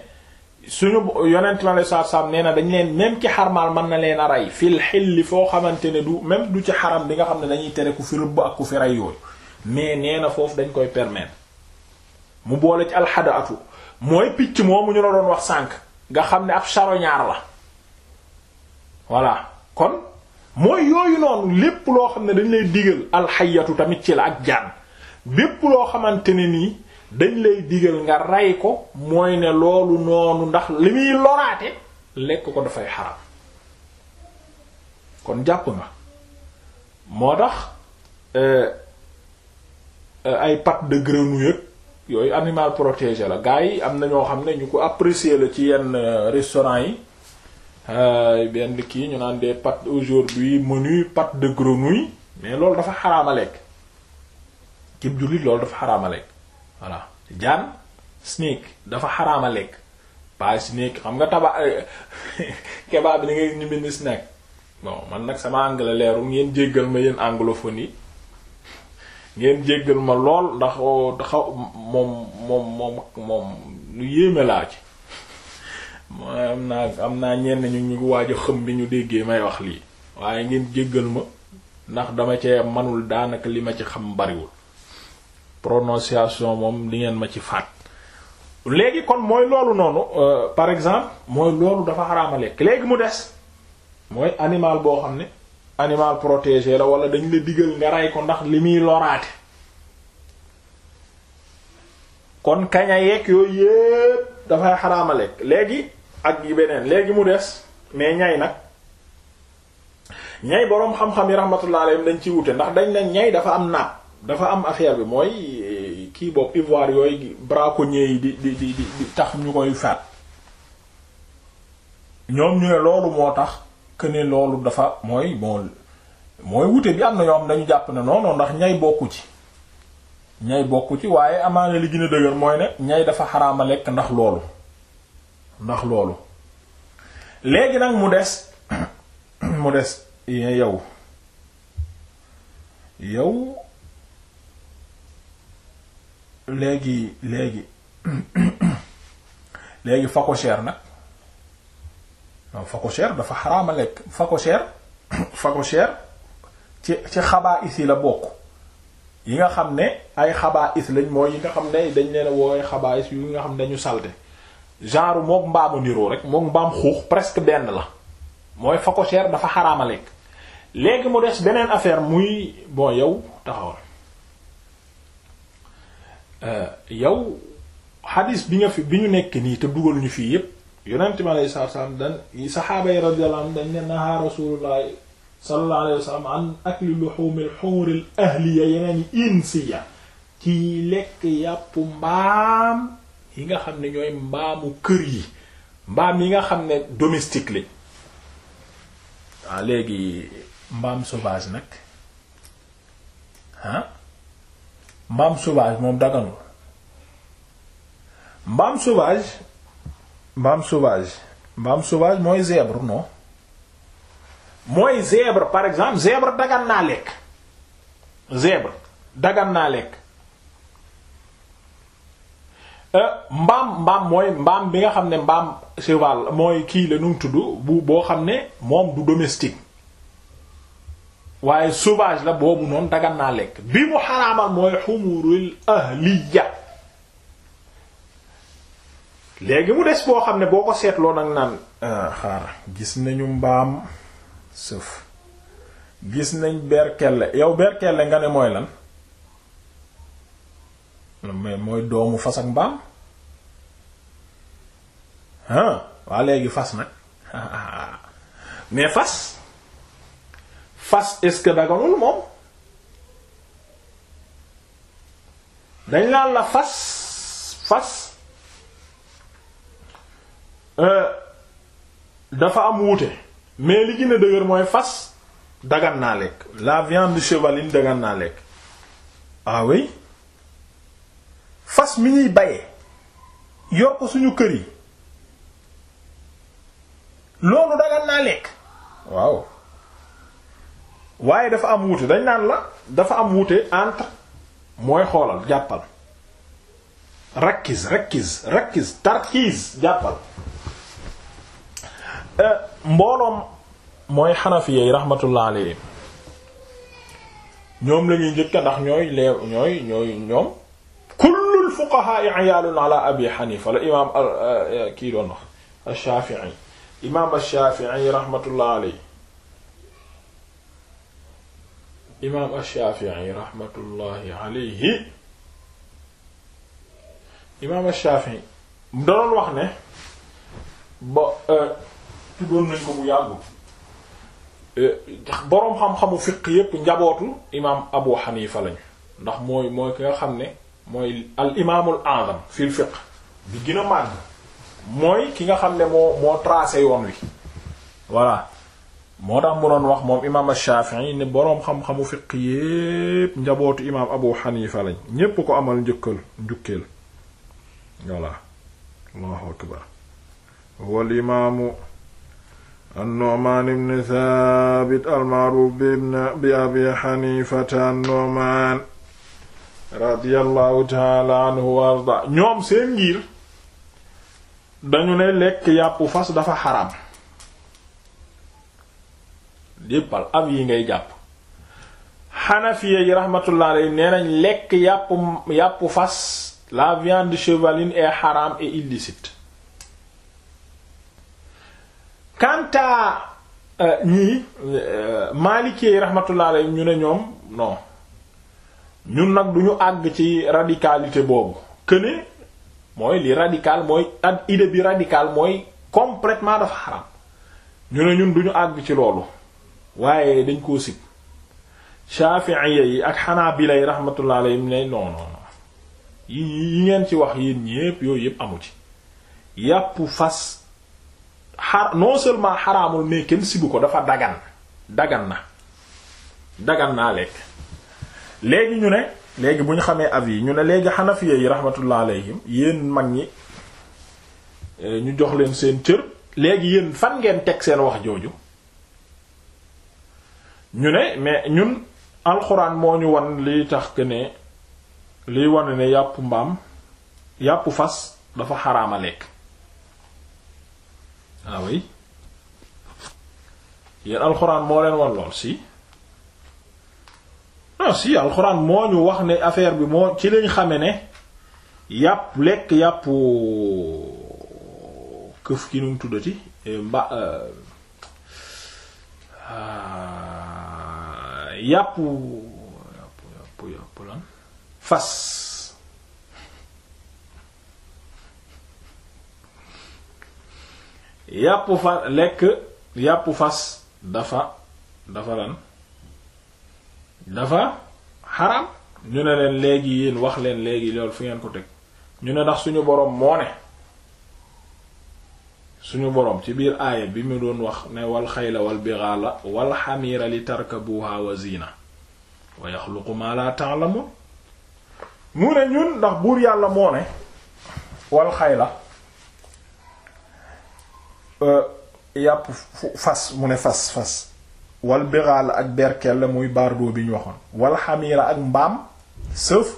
suñu yonent ma lay saab saab nee na dañ leen même ki xarmaal mën na leen a rey fil xilli foo xamante ne du même du ci xaram bi nga xam ne dañuy tere ku fi rëbb ak ku fi rey yooyu mais nee na foofu dañ koy permettre mu boole ci alxada atu mooy picc moomu ñu la doon wax sànq nga xam ne ab ñaar la voilà kon. mooy yooyu noonu lépp loo xam ne dañ lay digal alxayatu tamit ci la ak jaan lépp loo xamante ne nii dañ lay digal nga rey ko mooy ne loolu noonu ndax li muy loraate lekk ko dafay xaram kon jàpp nga moo tax euh, euh, ay pattes de grenouille yooyu animal protégé la gars yi am na ñoo xam ne ñu ko apprécier la ci yenn euh, restaurant yi Euh, benn kii ñu naan des pâtes aujourd'hui menu pâte de grenouille mais loolu dafa xaraama lekk cib jullit loolu dafa xaraama lekk voilà jaan snake dafa xaraama lekk pas snake xam nga taba kebab bi ni nga ñu bind snack bon man nag sama anglais leeru ngeen jéggal ma yéen anglophone yi ngeen jéggal ma lool ndax oh, xaw moom moom moom moom lu yéeme laa ci am naa am naa ñenn ñu ñu waaj xëm bi ñu déggee may wax lii waaye ngeen jéggal ma ndax dama cee manul daanaka li ma ci xam bariwul prononciation moom li ngeen ma ci faat léegi kon mooy loolu noonu euh, par exemple mooy loolu dafa xaraama lekk léegi mu des mooy animal boo xam ne animal protégé la wala dañ la digal nga rey ko ndax li muy loraate kon kaña yeeg yooyu yépp dafay xaraama lekk léegi ak yi beneen léegi mu des mais ñay nag ñay boroom xam-xam yi rahmatullah dañ ci wute ndax dañ ne ñay dafa am naab dafa am affaire bi mooy eh, kii bopp ivoire yooyu braconnier yi di di di tax ñu koy faat ñoom ñu loolu moo tax que ne loolu dafa mooy bon mooy wute am na ñoom dañu jàpp ne non ndax ñay bokku ci ñay bokku ci waaye amaana li gën a dëgër mooy ne ñay dafa xaraama lekk ndax loolu ndax loolu léegi nag mu des mu des yow yow léegi léegi léegi facochère nag non facochère dafa xaraama lekk facochère facochère ci ci xabaa is yi la bokk yi nga xam ne ay xabaa is lañ mooy yi nga xam ne dañ leen woowe xabaa is yu nga xam ne dañu salte genre mook mbaamu niroo rek mook mbaam xuux presque benn la mooy fa ko cher dafa xaraama lekk léegi mu des beneen affaire muy bon yow taxawal euh, yow xadis bi nga fi bi ñu nekk nii te dugal ñu fii yépp yonent mi alayhi salaatu salaam dan saxaaba yi radiyallahu anhum dañ ne naha rasulullahi sallallahu alayhi wa sallam an akli luhumil humuril ahliya yeneen insiya ci lekk yàpp mbaam yi nga xam ne ñooy mbaamu kër yi mbaam yi nga xam ne domestique lañ waaw léegi mbaam sauvage nag ah mbaam sauvage moom daganul mbaam sauvage mbaam sauvage mbaam sauvage mooy zèbre non mooy zèbre par exemple zèbre dagan naa lekk zèbre dagan naa lekk Euh, mbaam mbaam mooy mbaam bi nga xam ne mbaam cheval mooy kii la nu mu tudd bu boo xam ne moom du domestique waaye sauvage la boobu noonu dagan naa lekk bi mu xaraamal mooy xumurul ahliya léegi mu des boo xam ne boo ko seetloo nag naan ah, xaar gis nañu mbaam sëf gis nañ berkelle yow berkelle nga ne mooy lan mais mooy doomu fas ak mbaam ah waa léegi fas nag mais fas fas est-ce daganul moom dañ laan la fas fas euh, dafa am wuute mais li gën a dëgër mooy fas dagan naa lekk la viande de chevaline dagan naa lekk ah oui fas mi ñuy bayee yor ko suñu kër yi loolu dagan naa lekk waaw waaye dafa am wuute dañ naan la dafa am wuute entre mooy xoolal jàppal rakkis rakkis rakkis tarkiis jàppal euh, mbooloom mooy xanafi yi rahmatullah alayhi ñoom la ñuy njëkka ndax ñooy leew ñooy ñooy ñoom kullul fuqaha'i iyaalun ala abi xanifa la imaam eh, kii doon wax ash-Shafi'i imaam ash-Shafi'i rahmatullah alayhi imaam ash-Shafi'i rahmatullahi alayhi imaam ash-Shafi'i doon wax ne ba eh, tuddoon nañ ko bu yàggul eh, boroom xam-xamu fiq yépp njabootu imaam Abu Xanifa lañu ndax mooy mooy ki nga xam ne mooy al imaamul azam fil bi gën a màgg mooy ki nga xam ne moo moo tracé yoon wi voilà moo tax mu doon wax moom imaam Shaafi'i ne boroom xam-xamu fiqh yépp njabootu imaam Abu Hanifa lañ ñépp ko amal njëkkal njukkeel voilà Allahu akbar wal imaamu an-Nu'man ibn Thabit al-ma'ruf bi abi Hanifata an radiyallahu taala anhu arda ñoom seen ngir dañu ne lekk yàpp fas dafa xaraam déppal am yi ngay jàpp xanafiya yi rahmatullah alayhi nee nañ lekk yàpp yàpp fas la viande chevaline est haram et illicite quant à euh, ñii euh, yi rahmatullah alayhi ñu ne ñoom non ñun nag du ñu àgg ci radicalité boobu que mooy li radical mooy ak idée bi radical mooy completement dafa xaram ñu ne ñun duñu àgg ci loolu waaye dañ koo sib Shafi'iyya yi ak xanaa yi rahmatullah alayhim ne non non non yi ngeen ci wax yéen ñépp yooyu yépp amu ci yàpp fas xar noo seulement xaraamul mais kenn sibu ko dafa dagan dagan na dagan naa lekk léegi ñu ne léegi bu ñu xamee avis yi ñu ne léegi xanafiya yi rahmatullah alayhim yéen mag ñi eh, ñu jox leen seen cër léegi yéen fan ngeen teg seen wax jooju ñu ne mais ñun alxuraan moo ñu wan liy tax que ne liy wan ne yàppu mbaam yàpp fas dafa xaraama lekk waaw ah yéen alxuraan moo leen wan lool si ah si alxuraan moo ñu wax ne affaire bi moo ci lañ xame ne yàpp lekk yàpp këf ki nu mu tuddati eh, mba yàpp yàpp yàpp lan fas yàpp fa lekk yàpp fas dafa dafa lan dafa xaram ñu ne leen léegi yéen wax leen léegi loolu fu ngeen ko teg ñu ne ndax suñu boroom moo ne suñu boroom ci biir aaya bi mu doon wax ne wal xayla wal bighala wal xamiira li tarkabuha wa zina wa ma la ta'lamun mu ne ñun ndax buur yàlla moo ne wal xayla euh, yàpp fas mu ne fas fas wal biraala ak berkel la muy bardo bi ñu waxoon wal xamiira ak mbaam sëf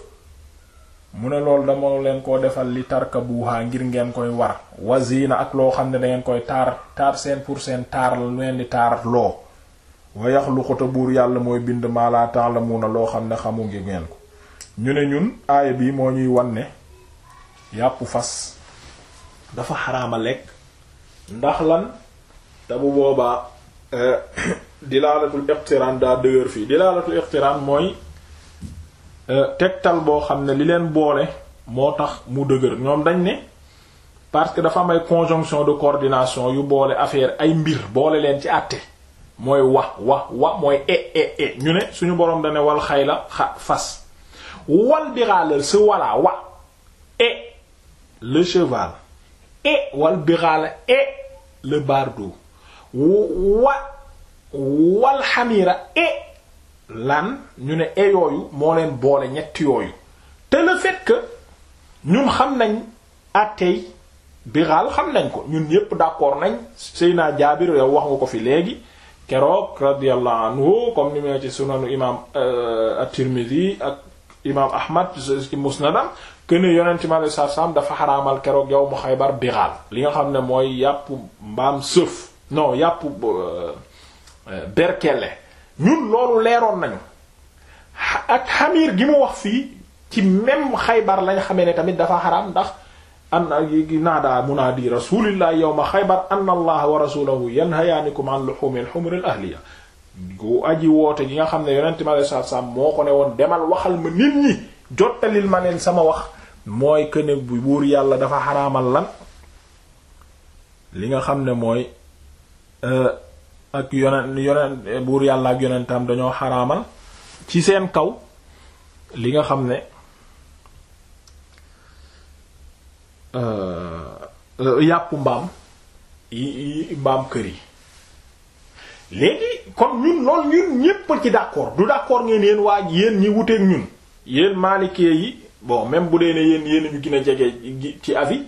mu ne loolu dama leen koo defal li tarkabuha ngir ngeen koy war wazina ak loo xam ne dangeen koy taar taar seen pour seen taar la leen di taar loo wa yaxluqu buur yàlla mooy bind ma la na loo xam ne xamu ngi ngeen ko ñu ne ñun aaya bii moo ñuy wan ne yàpp fas dafa xaraama lekk ndax lan te boobaa euh, dilaalatul iqtiraan daa dëgër fii dilaalatul iqtiraan mooy euh, tegtal boo xam ne li leen boole moo tax mu dëgër ñoom dañ ne parce que dafa am ay conjonction de coordination yu boole affaire ay mbir boole leen ci àtte mooy wa wa wa mooy e e e ñu ne suñu boroom dane wal xay la xa fas wal biraala sa wala wa e le cheval e wal biraala e le bardo wa wal xamiira e lan ñu ne e yooyu moo leen boole ñett yooyu te le fait que ñun xam nañ àtteey biraal xam nañ ko ñun yépp d'accord nañ Seyna Jaabir yow wax nga ko fi léegi keroog radiyallahu anhu comme ni mu ci sunanu imaam euh, at-Tirmidhi ak imaam Ahmad ci musnadam kën a yonent mi alei satu salaam dafa xaraamal keroog yow mu Xaybar biraal li nga xam ne mooy yàpp mbaam sëf no yàpp euh, Euh, berkelle ñun loolu leeroon nañu ak xamir gi mu wax fii ci même xaybar lañ xamee ne tamit dafa xaraam ndax an naada munaadi rasulillah yawma xaybar anna allaha wa rasulahu yanhayaanikum an luhumi al-humr al-ahliya gu aji woote yi nga xam ne yonente ma alayhi salaatu salaam moo ko ne woon demal waxal ma nit ñi jottalil ma leen sama wax mooy këne bu buur yàlla dafa xaraamal lan li nga xam ne mooy euh, ak yonen yonen buur yàlla ak yonentam dañoo xaraamal ci seen kaw li nga xam ne euh, yàpp mbaam yi mbaam kër yi léegi kon ñun lool ñun ñépp ci d'accord du d'accord ngeen yéen waa yéen ñi wuteeg ñun yéen maalikee yi bon même bu dee ne yéen yéen ñu gën a jege ci avis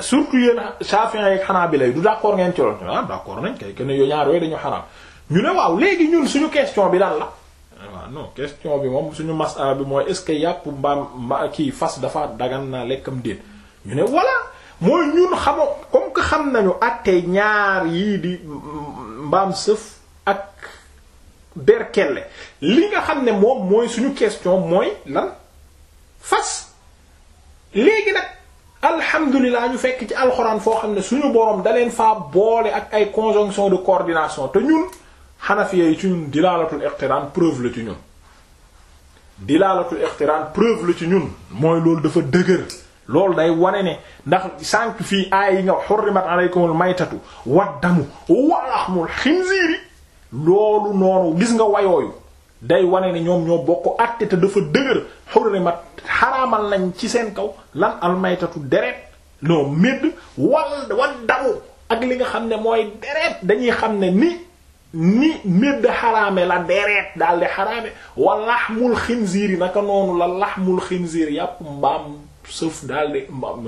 surtout yéen Shafi'i ak Hanabila du d'accord ngeen ci loolu ah d'accord nañ kay que ne ñaar yooyu dañu xaraam ñu ne waaw léegi ñun suñu question bi daal la. waaw ah, non question bi moom suñu masala bi mooy est que yàpp mbaam ma kii fas dafa dagan naa lekkam déet ñu ne voilà mooy ñun xamoo comme que xam nañu àttee ñaar yi di mbaam sëf ak berkelle li nga xam ne moom mooy suñu question mooy lan fas léegi nag. alhamdulilah ñu fekk ci alxuraan foo xam ne suñu borom da leen faa boole ak ay conjonction de coordination te ñun xanafiya yi ci ñun dilaalatul iqtiraan preuve la ci ñun dilaalatul iqtiraan ci ñun mooy loolu dafa dëgër loolu day wane ne ndax sànq fii aay yi nga xurrimat aleykumul maytatu waddamu wa lahmul xinziiri loolu noonu gis nga wayooyu day wane ne ñoom ñoo bokk àtte te dafa dëgër mat xaramal nañ ci seen kaw lan almaytatu deret noo médd wal wal damu ak li nga xam ne mooy deret dañuy xam ne ni ni médd xaraame la deret daal di xaraame wa laxmul xinziir yi naka noonu la laxmul xinziir yàpp mbaam sëf daal di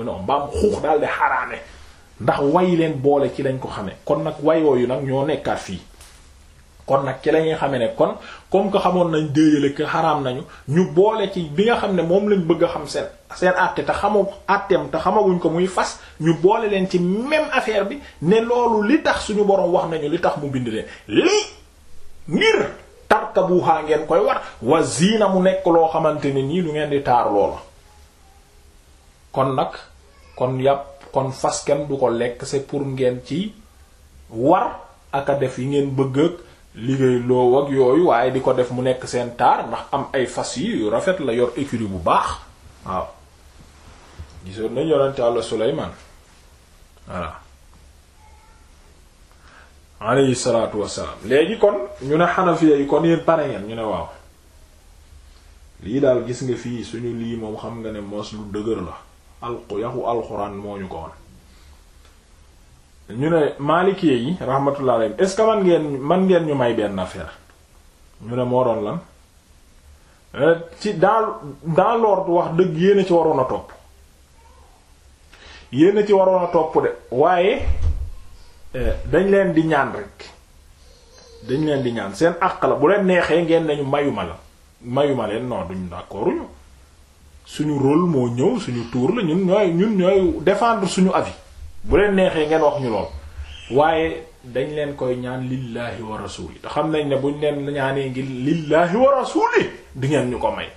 non mbaam xuux daal di xaraame ndax way leen boole ci lañ ko xamee kon nag way wayooyu nag ñoo nekkaat fii kon nag ci la ñuy xamee ne kon comme que xamoon nañ déeyale xaraam nañu ñu boole ci bi nga xam ne moom lañ bëgg a xam seen seen àtte te xamu àtteem te xamaguñ ko muy fas ñu boole leen ci même affaire bi ne loolu li suñu boroom wax nañu li tax mu bind leen lii ngir tarkabuha ngeen koy war mu nekk loo xamante ne nii lu ngeen di taar kon nag kon yàpp kon fas kenn du ko lekk c'est pour ngeen ci war aka def yi ngeen bëgg liggéey loo ak yooyu waaye di ko def mu nekk seen taar ndax am ay fas yi rafet la yor écurie bu baax waaw gisoon nañ yonente Yàlla Suleymaan voilà alayhi salaatu wassalaam léegi kon ñu ne xanafiya yi kon yéen pare ñu ne waaw lii daal gis nga fii suñu lii moom xam nga ne mos lu dëgër la alqu yaxu alxuraan moo ñu ko woon ñu ne maalikee yi rahmatullah alayhi ce que man ngeen man ngeen ñu may benn affaire ñu ne moo doon lan eh, ci daal dans l'ordre wax dëgg yéen ci waroon a topp yéen ci waroon a topp de waaye eh, dañ leen di ñaan rek dañ leen di ñaan seen àq la bu leen neexee ngeen nañu mayuma la mayuma leen non duñ d'accord ñu suñu rôle moo ñëw suñu tuur la ñun ñooy ñun ñooy défendre suñu avis bu leen neexee ngeen wax ñu lool waaye dañ leen koy ñaan lillaahi wa rasuuli te xam nañ ne buñ leen ñaanee ngir lillaahi wa rasuuli di ngeen ñu ko may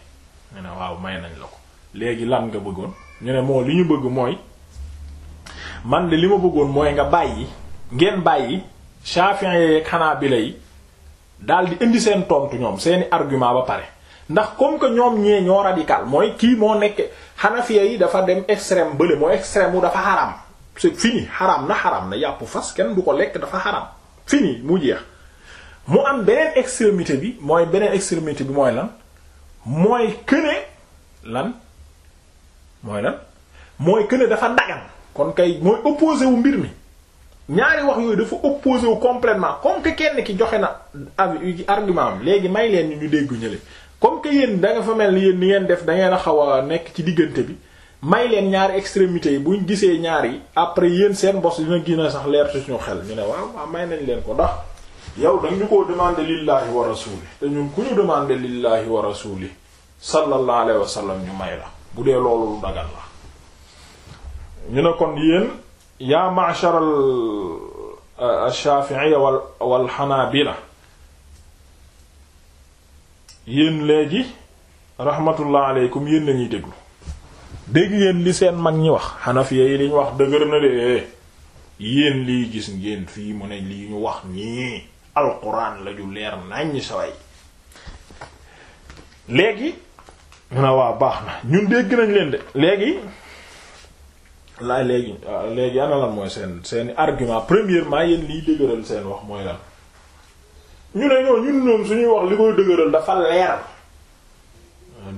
ne waaw may nañ la ko léegi lan nga bëggoon ñu ne moo li ñu bëgg mooy man de li ma bëggoon mooy nga bàyyi ngeen bàyyi Shafi'i ak Hanabila yi daal di indi seen tontu ñoom seeni argument ba pare ndax comme que ñoom ñee ñoo radical mooy kii moo nekk Hanafiya yi dafa dem extrême bële mooy e wu dafa xaram c'est fini xaraam na xaraam na yàpp fas kenn du ko lekk dafa xaraam fini mu jeex mu am beneen extrémité bi mooy beneen extrémité bi mooy lan mooy këne lan mooy lan mooy këne dafa dagan kon kay mooy opposé wu mbir mi ñaari wax yooyu dafa opposé wu complètement comme que kenn ki joxe na argument am léegi may leen ñu dégg ñële comme que yéen da nga fa mel ni yéen ni ngeen def da ngeen a xaw a nekk ci diggante bi may leen ñaari extrémité yi buñ gisee ñaari après yéen seen bos dina gën a sax leer ci suñu xel ñu ne waaw waaw may nañ leen ko ndax yow dañ ñu ko demandé lillahi wa rasuli te ñun ku ñu demandé lillahi wa rasuli sallallahu alayhi wa sallam ñu may la bu dee loolu lu dagal la ñu ne kon yéen yaa ma'shar al-shafi'iyya euh, xanaa wal la yéen léegi rahmatullah aleykum yéen lañuy déglu dégg ngeen li seen mag ñi wax xanafiya yi liñ wax dëgër na de eh, yéen lii gis ngeen fii mu ne lii ñu wax nii alquran la ju leer naññ saway léegi ñu ne waa baax na ñun dégg nañ leen de léegi laay léegi ah, léegi ana lan mooy seen seen argument premièrement yéen liy dëgëral seen wax mooy la ñu ne ñoo ñun ñoom suñuy wax li koy dëgëral dafa leer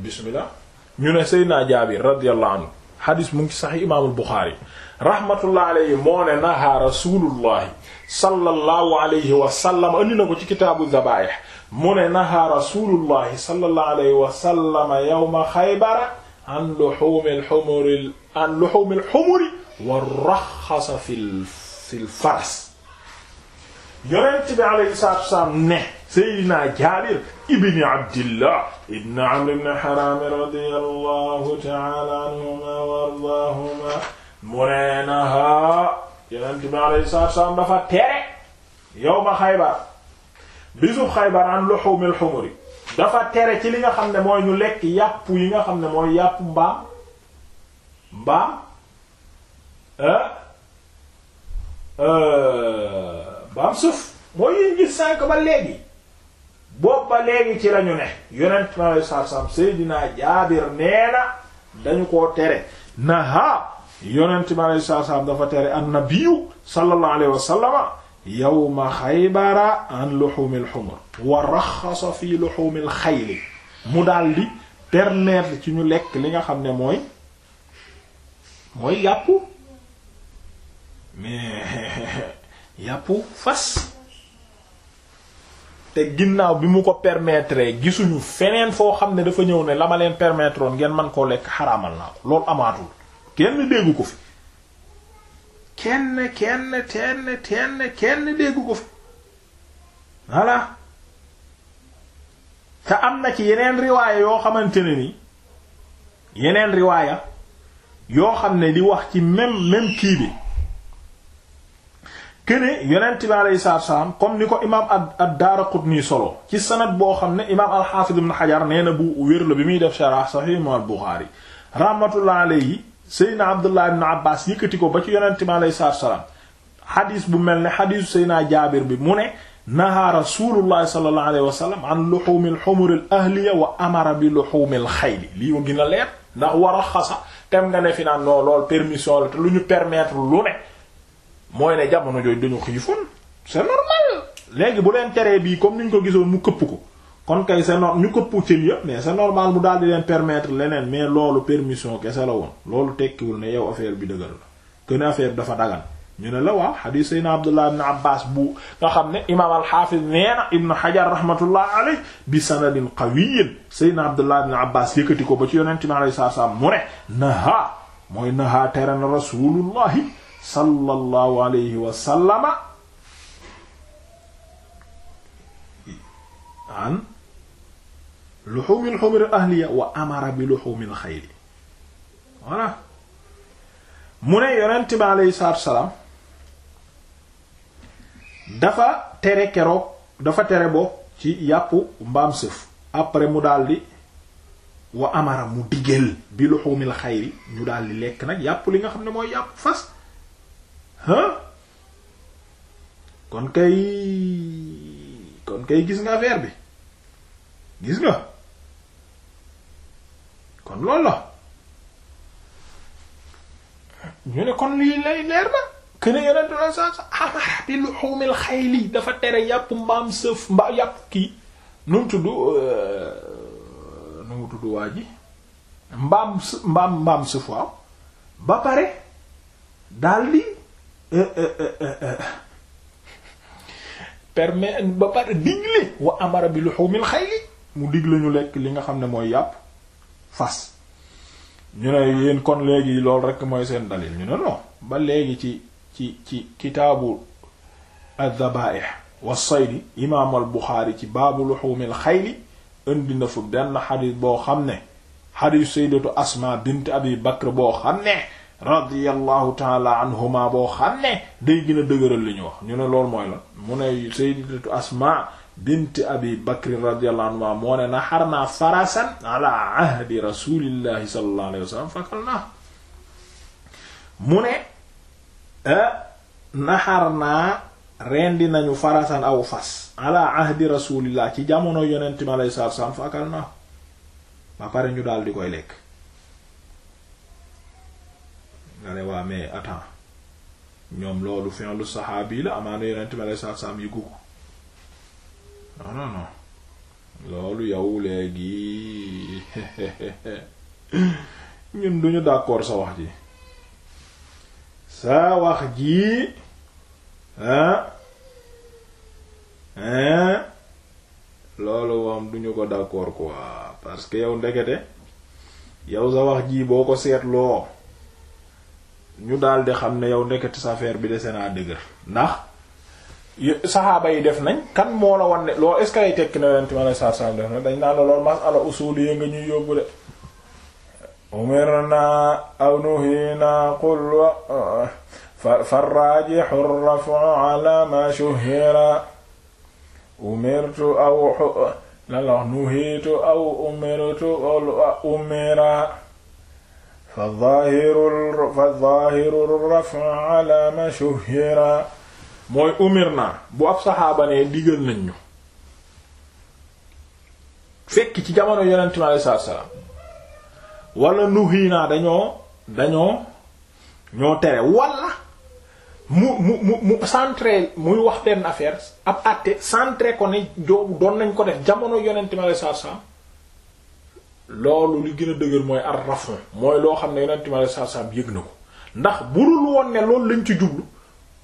bismillah ñu ne Seydina Jaabir radiyallahu anhu xadis mu ngi sax imaamul Buxaari rahmatullah alayhi moo ne naha rasulullahi sallallahu alayhi wa sallam andi na ko ci kitaabu zabaih mu ne naha rasulullahi sallallahu alayhi wa sallam yawma xaybara an luhumil humuri an luhumil humuri wa raxasa fil fil faras yonent bi alayhi salaatu wa salaam ne Seydina Jaabir ibn Abdillah ibn Amr ibn Haram radiyallahu ta'ala anhuma wa ardaahuma mu nee na ha Yonent bi alayhi salaatu wa salaam dafa tere yawma Xaybar bisu Xaybar an luhuumil humuri dafa tere ci li nga xam ne mooy ñu lekk yàpp yi nga xam ne mooy yàpp mbaam mbaam ah, ah, mbaam suuf mooy yi ngi sànk ba léegi boobu ba léegi ci lañu ne yonent mi alei satu salaam Seydina Jaabir nee na dañu koo tere naha yonent mi alei satu salaam dafa tere annabiyu sallallahu alayhi wa sallama yawma an luhumil humr wa raxasa fi luhumil xayli mu daldi di ci ñu lekk li nga xam ne mooy mooy yàpp mais yàpp fas te ginnaaw bi mu ko permetre gisuñu feneen foo xam ne dafa ñëw ne la ma leen permettre woon ngeen man koo lekk xaraamal naa ko loolu amaatul kenn déggu ko fi kenn kenn kenn kenn kenn déggu ko fi voilà te am na ci yeneen riwaaya yoo xamante ne ni yeneen riwaaya yoo xam ne di wax ci même même kii bi kene yonent bi alayhi salaatu salaam comme ni ko imaam ad-Daaraqutni solo ci sanad boo xam ne imaam al-Haafiz ibn Hajar nee na bu wér bi muy def sharh Sahih al-Buxaari rahmatullahi alayhi Seydina Abdullah ibn Abbaas yëkkati ko ba ci yonent bi alayhi salaam xadiis bu mel ne xadiisu Seydina Jaabir bi mu ne na Rasuulullahi sallallahu alayhi wa bi luhuumil xayli lii wa gën a ndax war a xasa ne fi naan lool permission lu ñu permettre lu ne mooy ne jamono jooju dañu xiifoon c'est normal léegi bu leen teree bii comme ni ñu ko gisoon mu këpp ko kon kay c'est normal ñu këpp cin ya mais se normal mu daal di leen permettre leneen mais loolu permission kese la woon loolu tekkiwul ne yow affaire bi dëgër la que ne bi dafa dagan ñu ne la waa xadiis sayna Abdullah ibn Abbas bu nga xam ne imaam al-Hafiz nee na Ibn Hajar rahmatullah alayhi bi sanadin qawiyyin sayna Abdullah ibn Abbas yëkkati ko ba ci yonent mi alayhi salaam mu ne naha mooy naha tere na rasulullahi sallallahu alayhi wa sallama an luxumil xumir ahliya wa amara bi luxumil xayri mu ne yonent bi aleyhi salaatu dafa tere keroog dafa tere bokk ci yàpp mbaam sëf après mu daldi wa amara mu digal bi luxumil xayri ñu daldi lekk nag yàpp li nga xam ne mooy yàpp fas kon kay kon kay gis nga affaire bi gis nga kon loolu la ñu ne kon lii lay leer na këne yeneen doon saa sa amara bi ah, luxumil xayli dafa tere yàpp mbaam sëf mba yàpp kii nu mu tudd euh, nu mu tudd waa mbaam së mbaam mbaam sëf waaw ba pare daldi Euh, euh, euh, permet ba pare digle wa amara bi luhumil xayli mu digle ñu lekk li nga xam ne mooy yàpp fas ñu ne yéen kon léegi loolu rekk mooy seen dalil ñu ne non ba léegi ci ci ci kitaabu ad-dabaa'ih wa saydi imaam al Buxaari ci baabu luhumil xayli indi na fu benn xadis boo xam ne xadis sayyidatu Asma bint Abi Bakr boo xam ne radiyallahu taala anhuma boo xam ne day gën a li ñu wax ñu ne loolu mooy la mu ne sayyidatu asma bint abi bakr radiyallahu anhuma moo ne na xar naa farasan ala ahdi rasulillahi sallallahu alayhi wasallam fakal mu ne naxar eh, naa rendi nañu farasan aw fas ala ahdi rasulillah ci jamono yonent mi alayhi salaatu wa salaam pare ñu daal di koy lekk nga ne waa mais attends ñoom loolu fin lu saxaabi la amaana yonent bi alayhi salaatu salaam yëgu ko non non loolu yow léegi ñun duñu d'accord sa wax ji sa wax ji ah hein loolu moom duñu ko d'accord quoi parce que yow ndekete yow sa wax ji boo ko seetloo ñu daal di xam ne yow ndeketi sa affaire bi dese naa dëgër ndax saxaaba yi def nañ kan moo la wan ne loolu est ce que lay tekki def na dañ naan la masala usuul yi nga ñuy umirna aw nuhina aw umirtu aw umira fadaahiru fadaahiru rafa ala mashhura mooy umir naa bu ab saxaaba ne digal nañ ñu fekk ci jamono yonent mi alayhi salaatu salaam wala nuhi naa dañoo dañoo ñoo tere wala mu mu mu mu centré muy wax benn affaire ab àtte centre ko ne joobu doon nañ ko def jamono yonent mi alayhi salaatu loolu li gën a dëgër mooy ar rafon mooy loo xam ne yonent mi alayhi salaatu yëg na ko ndax burul woon ne loolu lañ ci jublu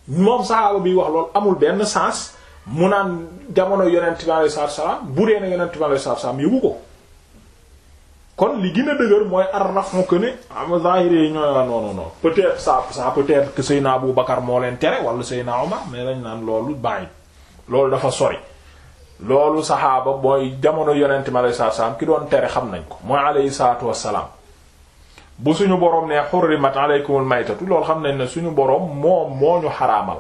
moom sahaaba bi wax loolu amul benn sens mu naan jamono yeneen mi alayhi salaatu salaam bu dee ne yonent mi alayhi salaatu yëgu ko kon li gën a dëgër mooy ar rafon que ne am zahiri yi ñooy waa la non peut-être ça ça peut-être que Seyna Abou Bakar moo leen tere wala naa Omar mais lañ naan loolu bàyyi loolu dafa sori loolu saxaaba mooy jamono yonent mi alayhi salaatu wasalaam ki doon tere xam nañ ko mooy alayhi salaatu wasalaam bu suñu boroom ne xurrimat aleykumul maytatu loolu xam nañ ne suñu boroom moom moo ñu xaraamal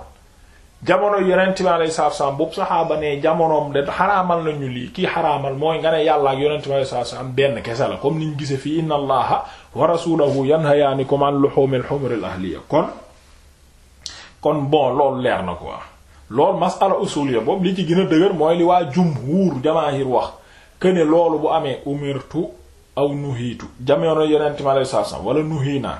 jamono yonent mi alayhi salaatu wasalaam boobu saxaaba ne jamonoom de xaraamal nañu lii kii xaraamal mooy nga ne yàlla ak yonent mi alayhi salaatu benn kese la comme niñ gise fii inna allaha wa rasulahu yanhayaanikum an luhumil humuril ahliya kon kon bon loolu leer na quoi lool masala usuliya boobu li ci gën a dëgër mooy li waa jumhuur jamaahir wax que ne loolu bu amee umirtu aw nuhiitu jamono yonent mi alayhi salaam wala nuhiinaa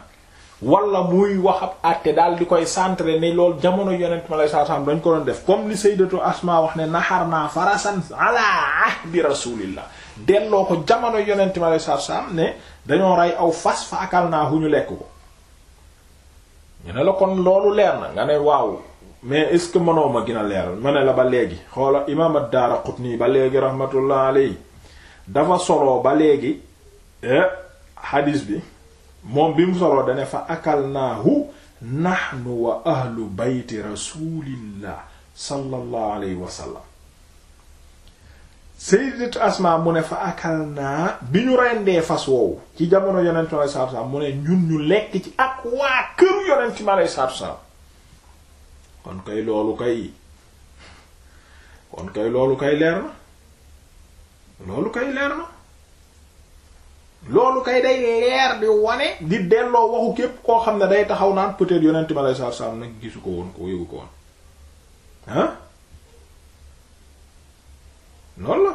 wala muy wax ab àtte daal di koy centré ni loolu jamono yonent mi alayhi dañ ko doon def comme li sayyidatu Asmaa wax ne naharnaa farasan ala ahdi rasuulillah delloo ko jamono yonent mi alayhi salaam ne dañoo rey aw fas fa akalnaahu ñu lekk ko ñu ne la kon loolu leer na nga ne waaw. mais est-ce que mënoo ma gën a leeral ma ne la ba léegi xoola imaam ad-Daaraqutni ba léegi rahmatullah alayhi dafa soloo ba léegi xadiis eh, bi moom bi mu soloo dane fa akalnaahu nahnu wa ahlu bayti rasulillah sallallahu alayhi wa sallam asma mu ne fa akal naa bi ñu rendee fas woowu ci jamono yonent mi alei salaam mu ne ñun ñu lekk ci ak waa këru yonent mi alei satu salaam kon kay loolu kay kon kay loolu kay leer na loolu kay leer na loolu kay day leer di wane di delloo waxu képp koo xam ne day taxaw naan peut-être yonent ma lay saaf saaf nag gisu ko woon ko yëgu ko woon ah loolu la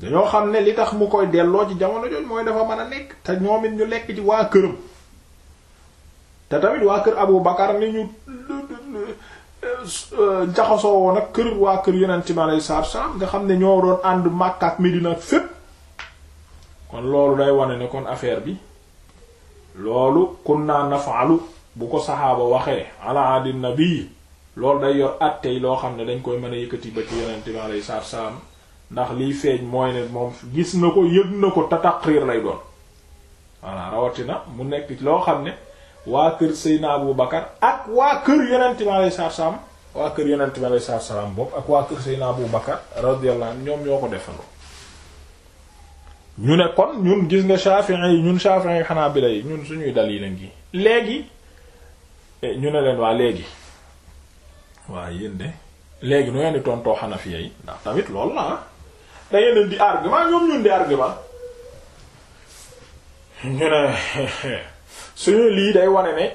dañoo xam ne li tax mu koy delloo ci jamono jooju mooy dafa mën a nekk te ñoom it ñu lekk ci waa këram te tamit waa kër Abu Bakar ni ñu jaxasoo woon ak kër waa kër yonent bi alayhi salaatu salaam nga xam ne ñoo doon ànd Makka ak dina ak fépp kon loolu day wane ne kon affaire bi loolu naa nafaalu bu ko saxaaba waxee ala adi nabi loolu day yor attey loo xam ne dañ koy mën a yëkkati ba ci yonent lay alayhi salaatu ndax liy feeñ mooy ne moom gis na ko yëg na ko te taqriir lay doon voilà rawatina mu nekk loo xam ne waa kër Seydina Abu Bakar ak waa kër yonente bi alayhi salaatu waa kër yonente bi alayhi salaatu bopp ak waa kër Seydina Abu Bakar radiyallahu anhu ñoom ñoo ko defandoo ñu ne kon ñun gis nga Shafi'i yi ñun Shafi'i yi xanaa bi lay ñun suñuy dal yi lañ gi léegi e, ñu ne leen waa léegi waa yéen de léegi nu ngeen di tontoo Hanafiya yi ndax tamit loolu la ah da di argument ñoom ñun di argument ñu ne suñu lii day wane ne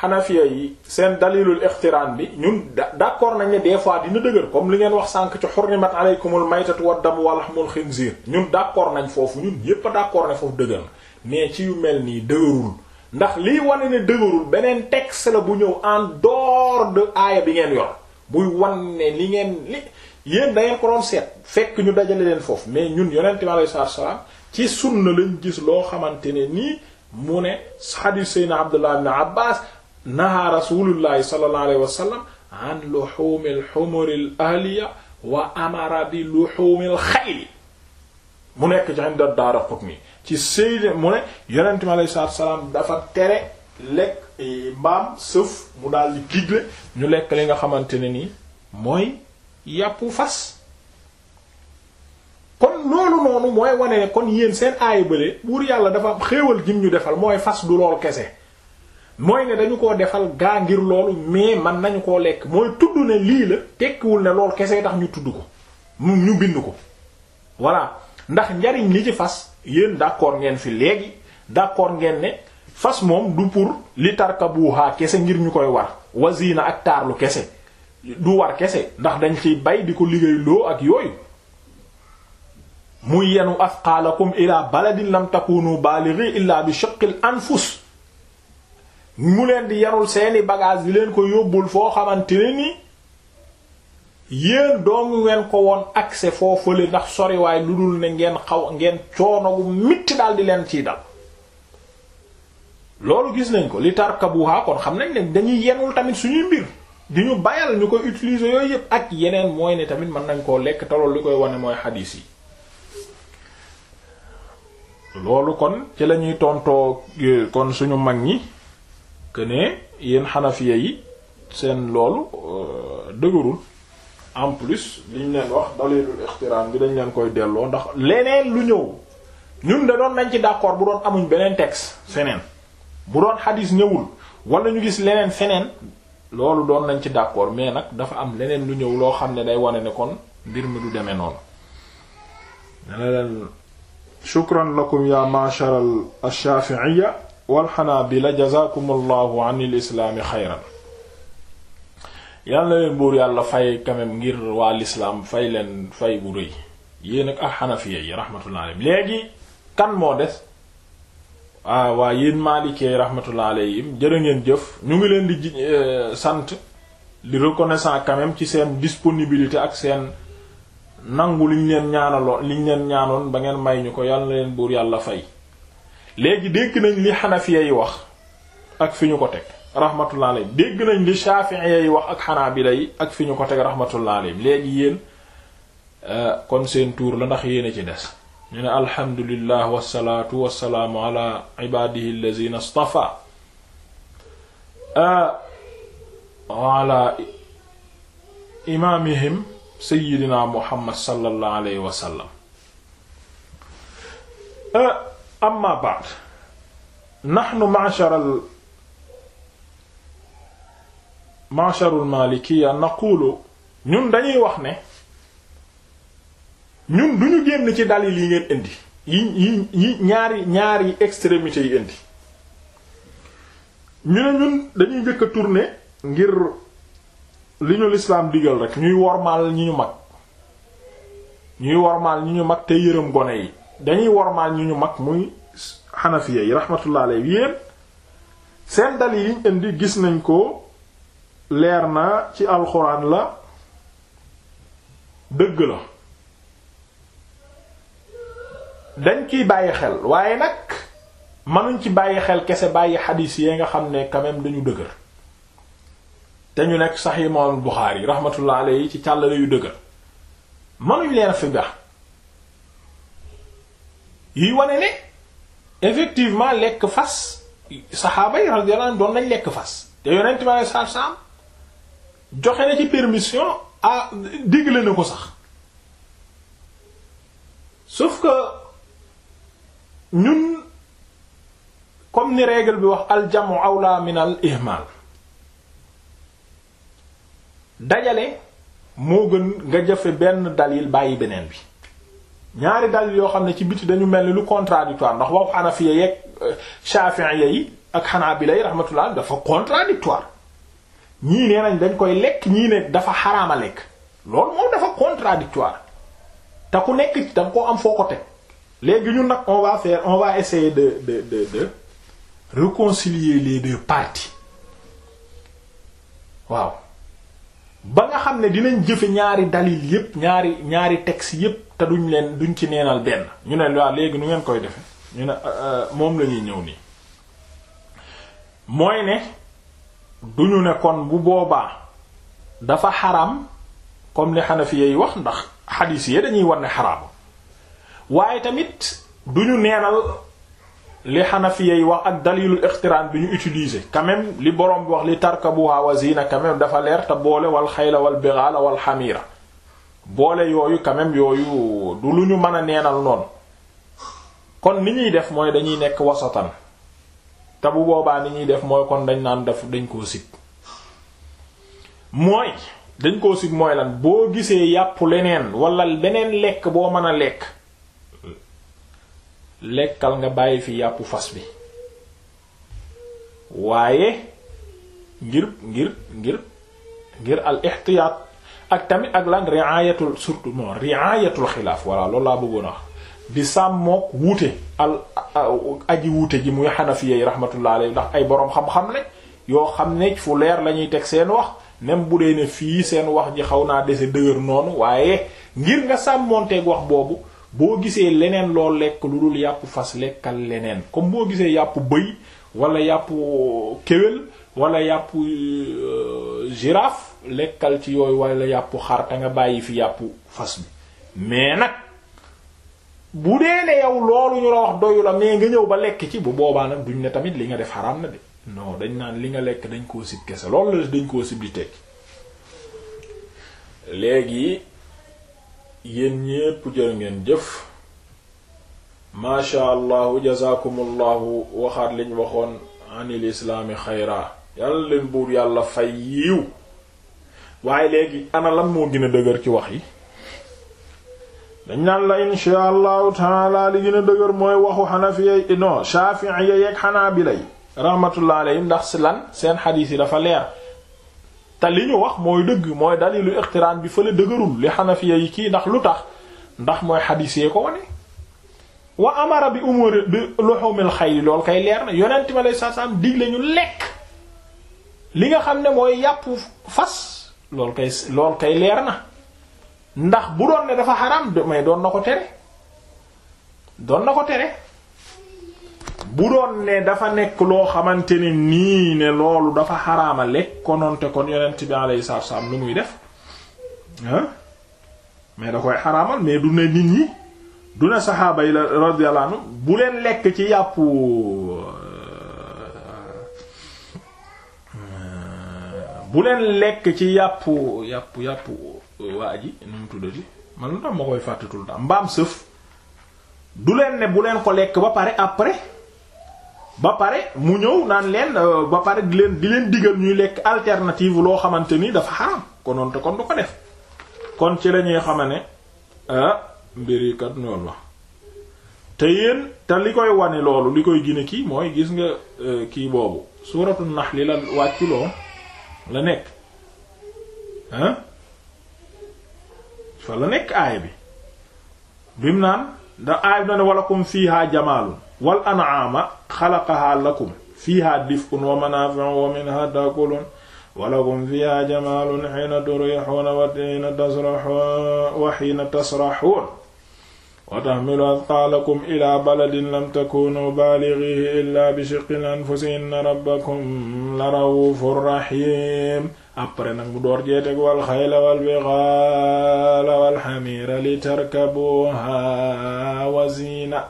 xanafiya yi seen dalilul ixtiraan bi ñun d'accord nañ ne des fois dina dëgër comme li ngeen wax sànk ci xurrimat aleykumul maytatu waddam walahmul xinziir ñun d'accord nañ foofu ñun yépp a d'accord ne foofu dëgër mais ci yu mel nii dëgërul ndax lii wane ne dëgërul beneen texte la bu ñëw en dehors de aaya bi ngeen yor buy wan ne li ngeen li yéen da ngeen ko seet fekk ñu dajale leen foofu mais ñun yonent bi alayhi salaam ci sunna lañ gis loo xamante ne nii mu ne xadiis seydna abdullah ibn abbas naha rasulullahi sallallahu alayhi wa sallam an luxumil xumuril ahliya wa amara bi luxumil xayli mu nekk ci inda Daaraqutni ci seyd mu ne yonent mi alayhi salaatu salaam dafa tere lekk eh, mbaam sëf mu daal di digle ñu lekk li nga xamante ne nii mooy yàppu fas kon loolu noonu mooy wane kon yéen seen aaya bële buur yàlla dafa am xéewal gim ñu defal mooy fas du lool kese mooy ne dañu ko defal gaa ngir loolu mais man nañu koo lekk mooy tudd ne lii la tekkiwul ne lool kese tax ñu tudd ko ñu bind ko voilà ndax njariñ li ci fas yéen d'accord ngeen fi léegi d'accord ngeen ne fas moom du pour li tarkabuha kese ngir ñu koy war wazina ak taarlu kese du war kese ndax dañ ciy bay di ko liggéey loo ak yooyu muy yenu asqaalakum ila baladin lam takunu baalighi illa bi shiqqil anfus mu leen di yarul seeni bagage di leen ko yóbbul foo xamante ne ni yéen doongu ngeen ko woon accès foofale ndax soriwaay lu dul ne ngeen xaw ngeen coono bu mitti daal di leen ciy dal loolu gis nañ ko li tarkabuha kon xam nañ ne dañu yenul tamit suñuy mbir di ñu bayal ñu koy utiliser yooyu yëpp ak yeneen mooy ne tamit mën nañ koo lekk talool lu koy wane mooy xadiis yi loolu kon ci la ñuy tontoo e, kon suñu mag ñi que ne yéen xanafiya yi seen loolu e, dëgërul en plus liñ leen wax dalilul ixtiraan bi dañ leen koy delloo ndax leneen lu ñëw ñun da doon nañ ci d'accord bu doon amuñ beneen texte feneen bu doon xadis ñëwul wala ñu gis leneen feneen loolu doon nañ ci d'accord mais nag dafa am leneen lu ñëw loo xam ne day wane ne kon mbir mi du demee noonu. shukran lakum ya ma'shar ash-shafi'iyya wal hanabila jazakumullahu anil islaami xayran yàlla na leen buur yàlla fay quand ngir waa lislaam fay leen fay bu rëy yéen ak alxanafiya yi rahmatullah alayhim léegi kan moo des ah waa yéen maalikee rahmatullah alayhim jërë ngeen jëf ñu ngi leen di euh, sant di reconnaissant quand même ci seen disponibilité ak seen nangu liñ leen ñaanaloon liñ leen ñaanoon ba ngeen may ñu ko yàlla na leen buur yàlla fay léegi dégg nañ li xanafiya yi wax ak fi ñu ko teg rahmatullah alayhi nañ li shafi'iya yi wax ak xanaabila yi ak fi ñu ko teg rahmatullah alayhi léegi yéen euh, kon seen tuur la ndax yéen a ci des ñu ne alhamdulillah wasalaatu wasalaamu ala ibadihi allazina istafa euh, seyyidina muhammad sallallahu alayhi wa sallam amma ba'd nahnu ma'sharal ma'sharul maalikiyya naqulu ñun dañuy wax ne ñun duñu génn ci dalil yi ngeen indi yi yi ñaari ñaari extrémité yi indi ñu ne ñun dañuy njëkk a ngir li ñu lislaam digal rek ñuy wormaal ñi ñu mag ñuy wormaal ñu ñu mag te yërëm gone yi dañuy wormaal ñi ñu mag muy xanafiya yi rahmatullah alayhi yéen seen dal yi ñu indi gis nañ ko leer na ci alxuraan la dëgg la dañ ciy bàyyi xel waaye nag mënuñ ci bàyyi xel kese bàyyi xadiis yee nga xam ne quand même dañu dëgër te ñu nekk sax imaamul Buxaari rahmatullah alayhi ci càllale yu dëgër mënuñ leen fi baax yi wane ne effectivement lekk fas saxaaba yi radiyallahu anhum doon nañ lekk fas te yonent bi alayhi salaatu salaam joxe na ci permission ah digle na ko sax sauf que ñun comme ni règle bi wax al jamu awla min al dajale moo gën nga jëfe benn dalil bàyyi beneen bi ñaari dalil yoo xam ne ci biti dañu mel ni lu contradictoire ndax waxu Hanafiya yeeg euh, Shafi'iyya yi ak Hanabila yi rahmatullah dafa contradictoire ñii nee nañ dañ koy lekk ñii ne dafa xaraama lekk loolu moom dafa contradictoire te ku nekk da nga koo am foo ko teg léegi ñu nag on va faire on va essayer de de de de réconcilier les deux parties waaw ba nga xam ne dinañ jëfe ñaari dalil yépp ñaari ñaari texte yépp te duñ leen duñ ci neenal benn ñu ne waaw léegi nu ngeen koy defe ñu ne euh, euh, moom lañuy ñëw nii mooy ne duñu ne kon bu boobaa dafa xaram comme li Hanafi yi wax ndax xadiis yi dañuy war ne waaye tamit duñu neenal li xanafiya yi wax ak dalilul ixtiraan bi ñu utilisé quand li borom bi wax li tarkabuha wa zina quand même dafa leer te boole wal xayla wal bighala wal xamira boole yooyu quand yooyu du lu ñu mën a neenal noonu kon ni ñuy def mooy dañuy nekk wasatan te bu boobaa ni ñuy def mooy kon dañ naan def dañ koo sib mooy dañ koo sib mooy lan boo gisee yàpp leneen wala beneen lekk boo mën a lekk lekkal nga bàyyi fi yàppu fas bi waaye ngir ngir ngir ngir al ihtiyaat ak tamit ak lan riayatul surtout non riayatul xilaaf voilà loolu laa bëggoon a wax di sàmmook wuute al aji wuute ji muy xanafiyey rahmatullah alayhi ndax ay boroom xam-xam ne yoo xam ne fu leer la teg seen wax même bu dee ne fii seen wax ji xaw naa dese dëgër noonu waaye ngir nga sàmmoonteeg wax boobu boo gisee leneen lool lekk lu dul yàpp fas lekkal leneen comme boo gisee yàpp bëy walla yàpp euh, kéwél wala yàpp euh, girafe lekkal ci yooyu walla yàpp xar te nga bàyyi fi yàpp fas bi mais nag bu dee ne yow loolu ñu la wax doyu la mais nga ñëw ba lekk ci bu boobaa nag duñ ne tamit li nga def xaraam na de non dañ naan li nga lekk dañ koo sib kese loolu la dañ koo sib di tekki léegi yéen ñépp jërë ngeen jëf maasha allahu jazakumullahu waxaat liñ waxoon anil islaami xayraa yàlla leen buur yàlla fay yiiw waaye léegi ana moo gën dëgër ci wax yi dañ naan la insha allahu taala li gën dëgër mooy waxu xanafiya non shafi'iyya yeeg xanaabila yi rahmatullah alayhim ndax si lan seen xadiis yi dafa leer te li ñu wax mooy dëgg mooy dalilu iqtiraan bi fële dëgërul li xanafiya yi kii ndax lu tax ndax mooy xadiis yee ko wane wa amara bi umuri bi luxumil xayli lool kay leer na yonent mi alayhi salaam digle lañu lekk li nga xam ne mooy yàpp fas lool kay lool kay leer na ndax bu doon ne dafa xaraam mais doon na ko tere doon na ko tere bu doon ne dafa nekk loo xamante ne nii ne loolu dafa xaraama lekk kononte kon yonent bi alayhi salaatu salaam lu muy def mais da koy xaraamal mais du ne nit ñi du ne saxaaba yi la radiyallahu anhu bu leen lekk ci yàppu euh, bu leen lekk ci yàpp yàpp yàpp euh, nu mu tuddati man lu ma koy fàttatul daal mbaam sëf du leen ne bu leen ko lekk ba pare après ba pare mu ñëw naan leen euh, ba pare di leen di leen ñuy lekk alternative loo xamante ni dafa xaram konoon te kon du ko def kon ci lañuy xama ne ah mbir la te yéen te li koy wane loolu li koy gine kii mooy gis nga euh, kii boobu suuratu nax li la wàcculoo la nekk ah? fa la nekk aay bi bi naan da aay bi na ne walakum fiiha jamaalun wal an'aama xalaqahaa lakum fiihaa dif'un wa manaafi'u wa minhaa ta'kuluun wa lakum fiihaa jamaalun hiina turiihuuna wa hiina tasrahuuna wa hiina tasrahuuna wa tahmilu athqaalakum ilaa baladin lam takuunuu baalighiihi illaa bi shiqqil anfusi inna rabbakum lara'uufun rahiim après nag mu door jeeteg wal xayla wal bigaala wal hamiira litarkabuuhaa wa ziina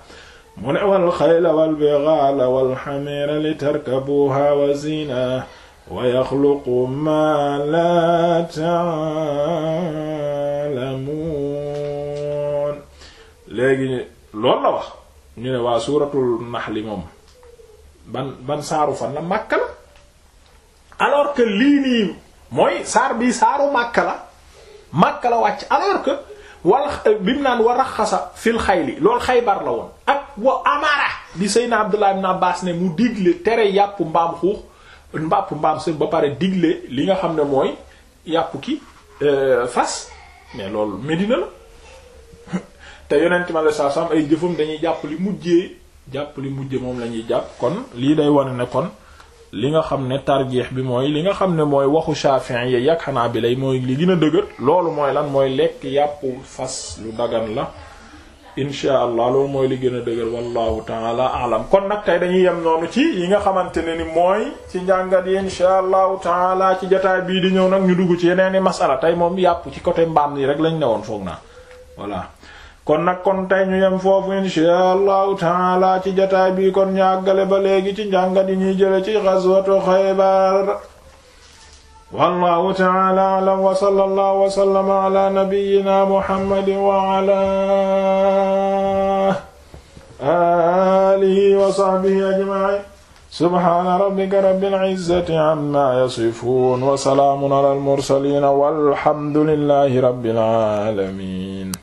mu ne wal xayla wal bigaala wal xamiira li tarkabuha wa zina wa yaxluqu ma la taalamuun léegi loolu la wax ñu ne waa suuratul naxli moom ban ban saaru fan la Makka la alors que lii nii mooy saar bii saaru Makka la Makka la wàcc alors que wal bi mu naan wa raxasa fil xayli loolu xaybar la woon ak wa amara di Seydina Abdullah ibn Abbas ne mu digle tere yàpp mbaam xuux mbàpp mbaam sëf ba pare digle li nga xam ne mooy yàpp ki euh, fas mais loolu Medina la te yonent ma la saa sam ay jëfam dañuy jàpp li mujjee jàpp li mujjee moom lañuy jàpp kon lii day wane ne kon li nga xam ne tarjeex bi mooy li nga xam ne mooy waxu Shafi'i yi ak Hanabila yi mooy li gën a dëgër loolu mooy lan mooy lekk yàppu fas lu dagan la insha allah loolu mooy li gën a dëgër wallahu taala alam kon nag tey dañuy yem noonu ci yi nga xamante ne ni mooy ci njàngat yi insha allahu taala ci jotaay bii di ñëw nag ñu dugg ci yeneeni masala tey moom yàpp ci côté mbaam yi rek lañ ne woon foog naa voilà kon nag kon tey ñu yem foofu inshaa allahu taala ci jataay bi kon ñàggale ba léegi ci njàngat yi ñuy jële ci ghazwatu Xaybar wallahu taala a'lam wa sallallahu wa sallama ala nabiyyina muhammadin wa ala alihi wa sahbihi ajma'in subhana rabbika rabbil izzati amma yasifun wa salaamun ala al mursalin walhamdulillahi rabbil alamin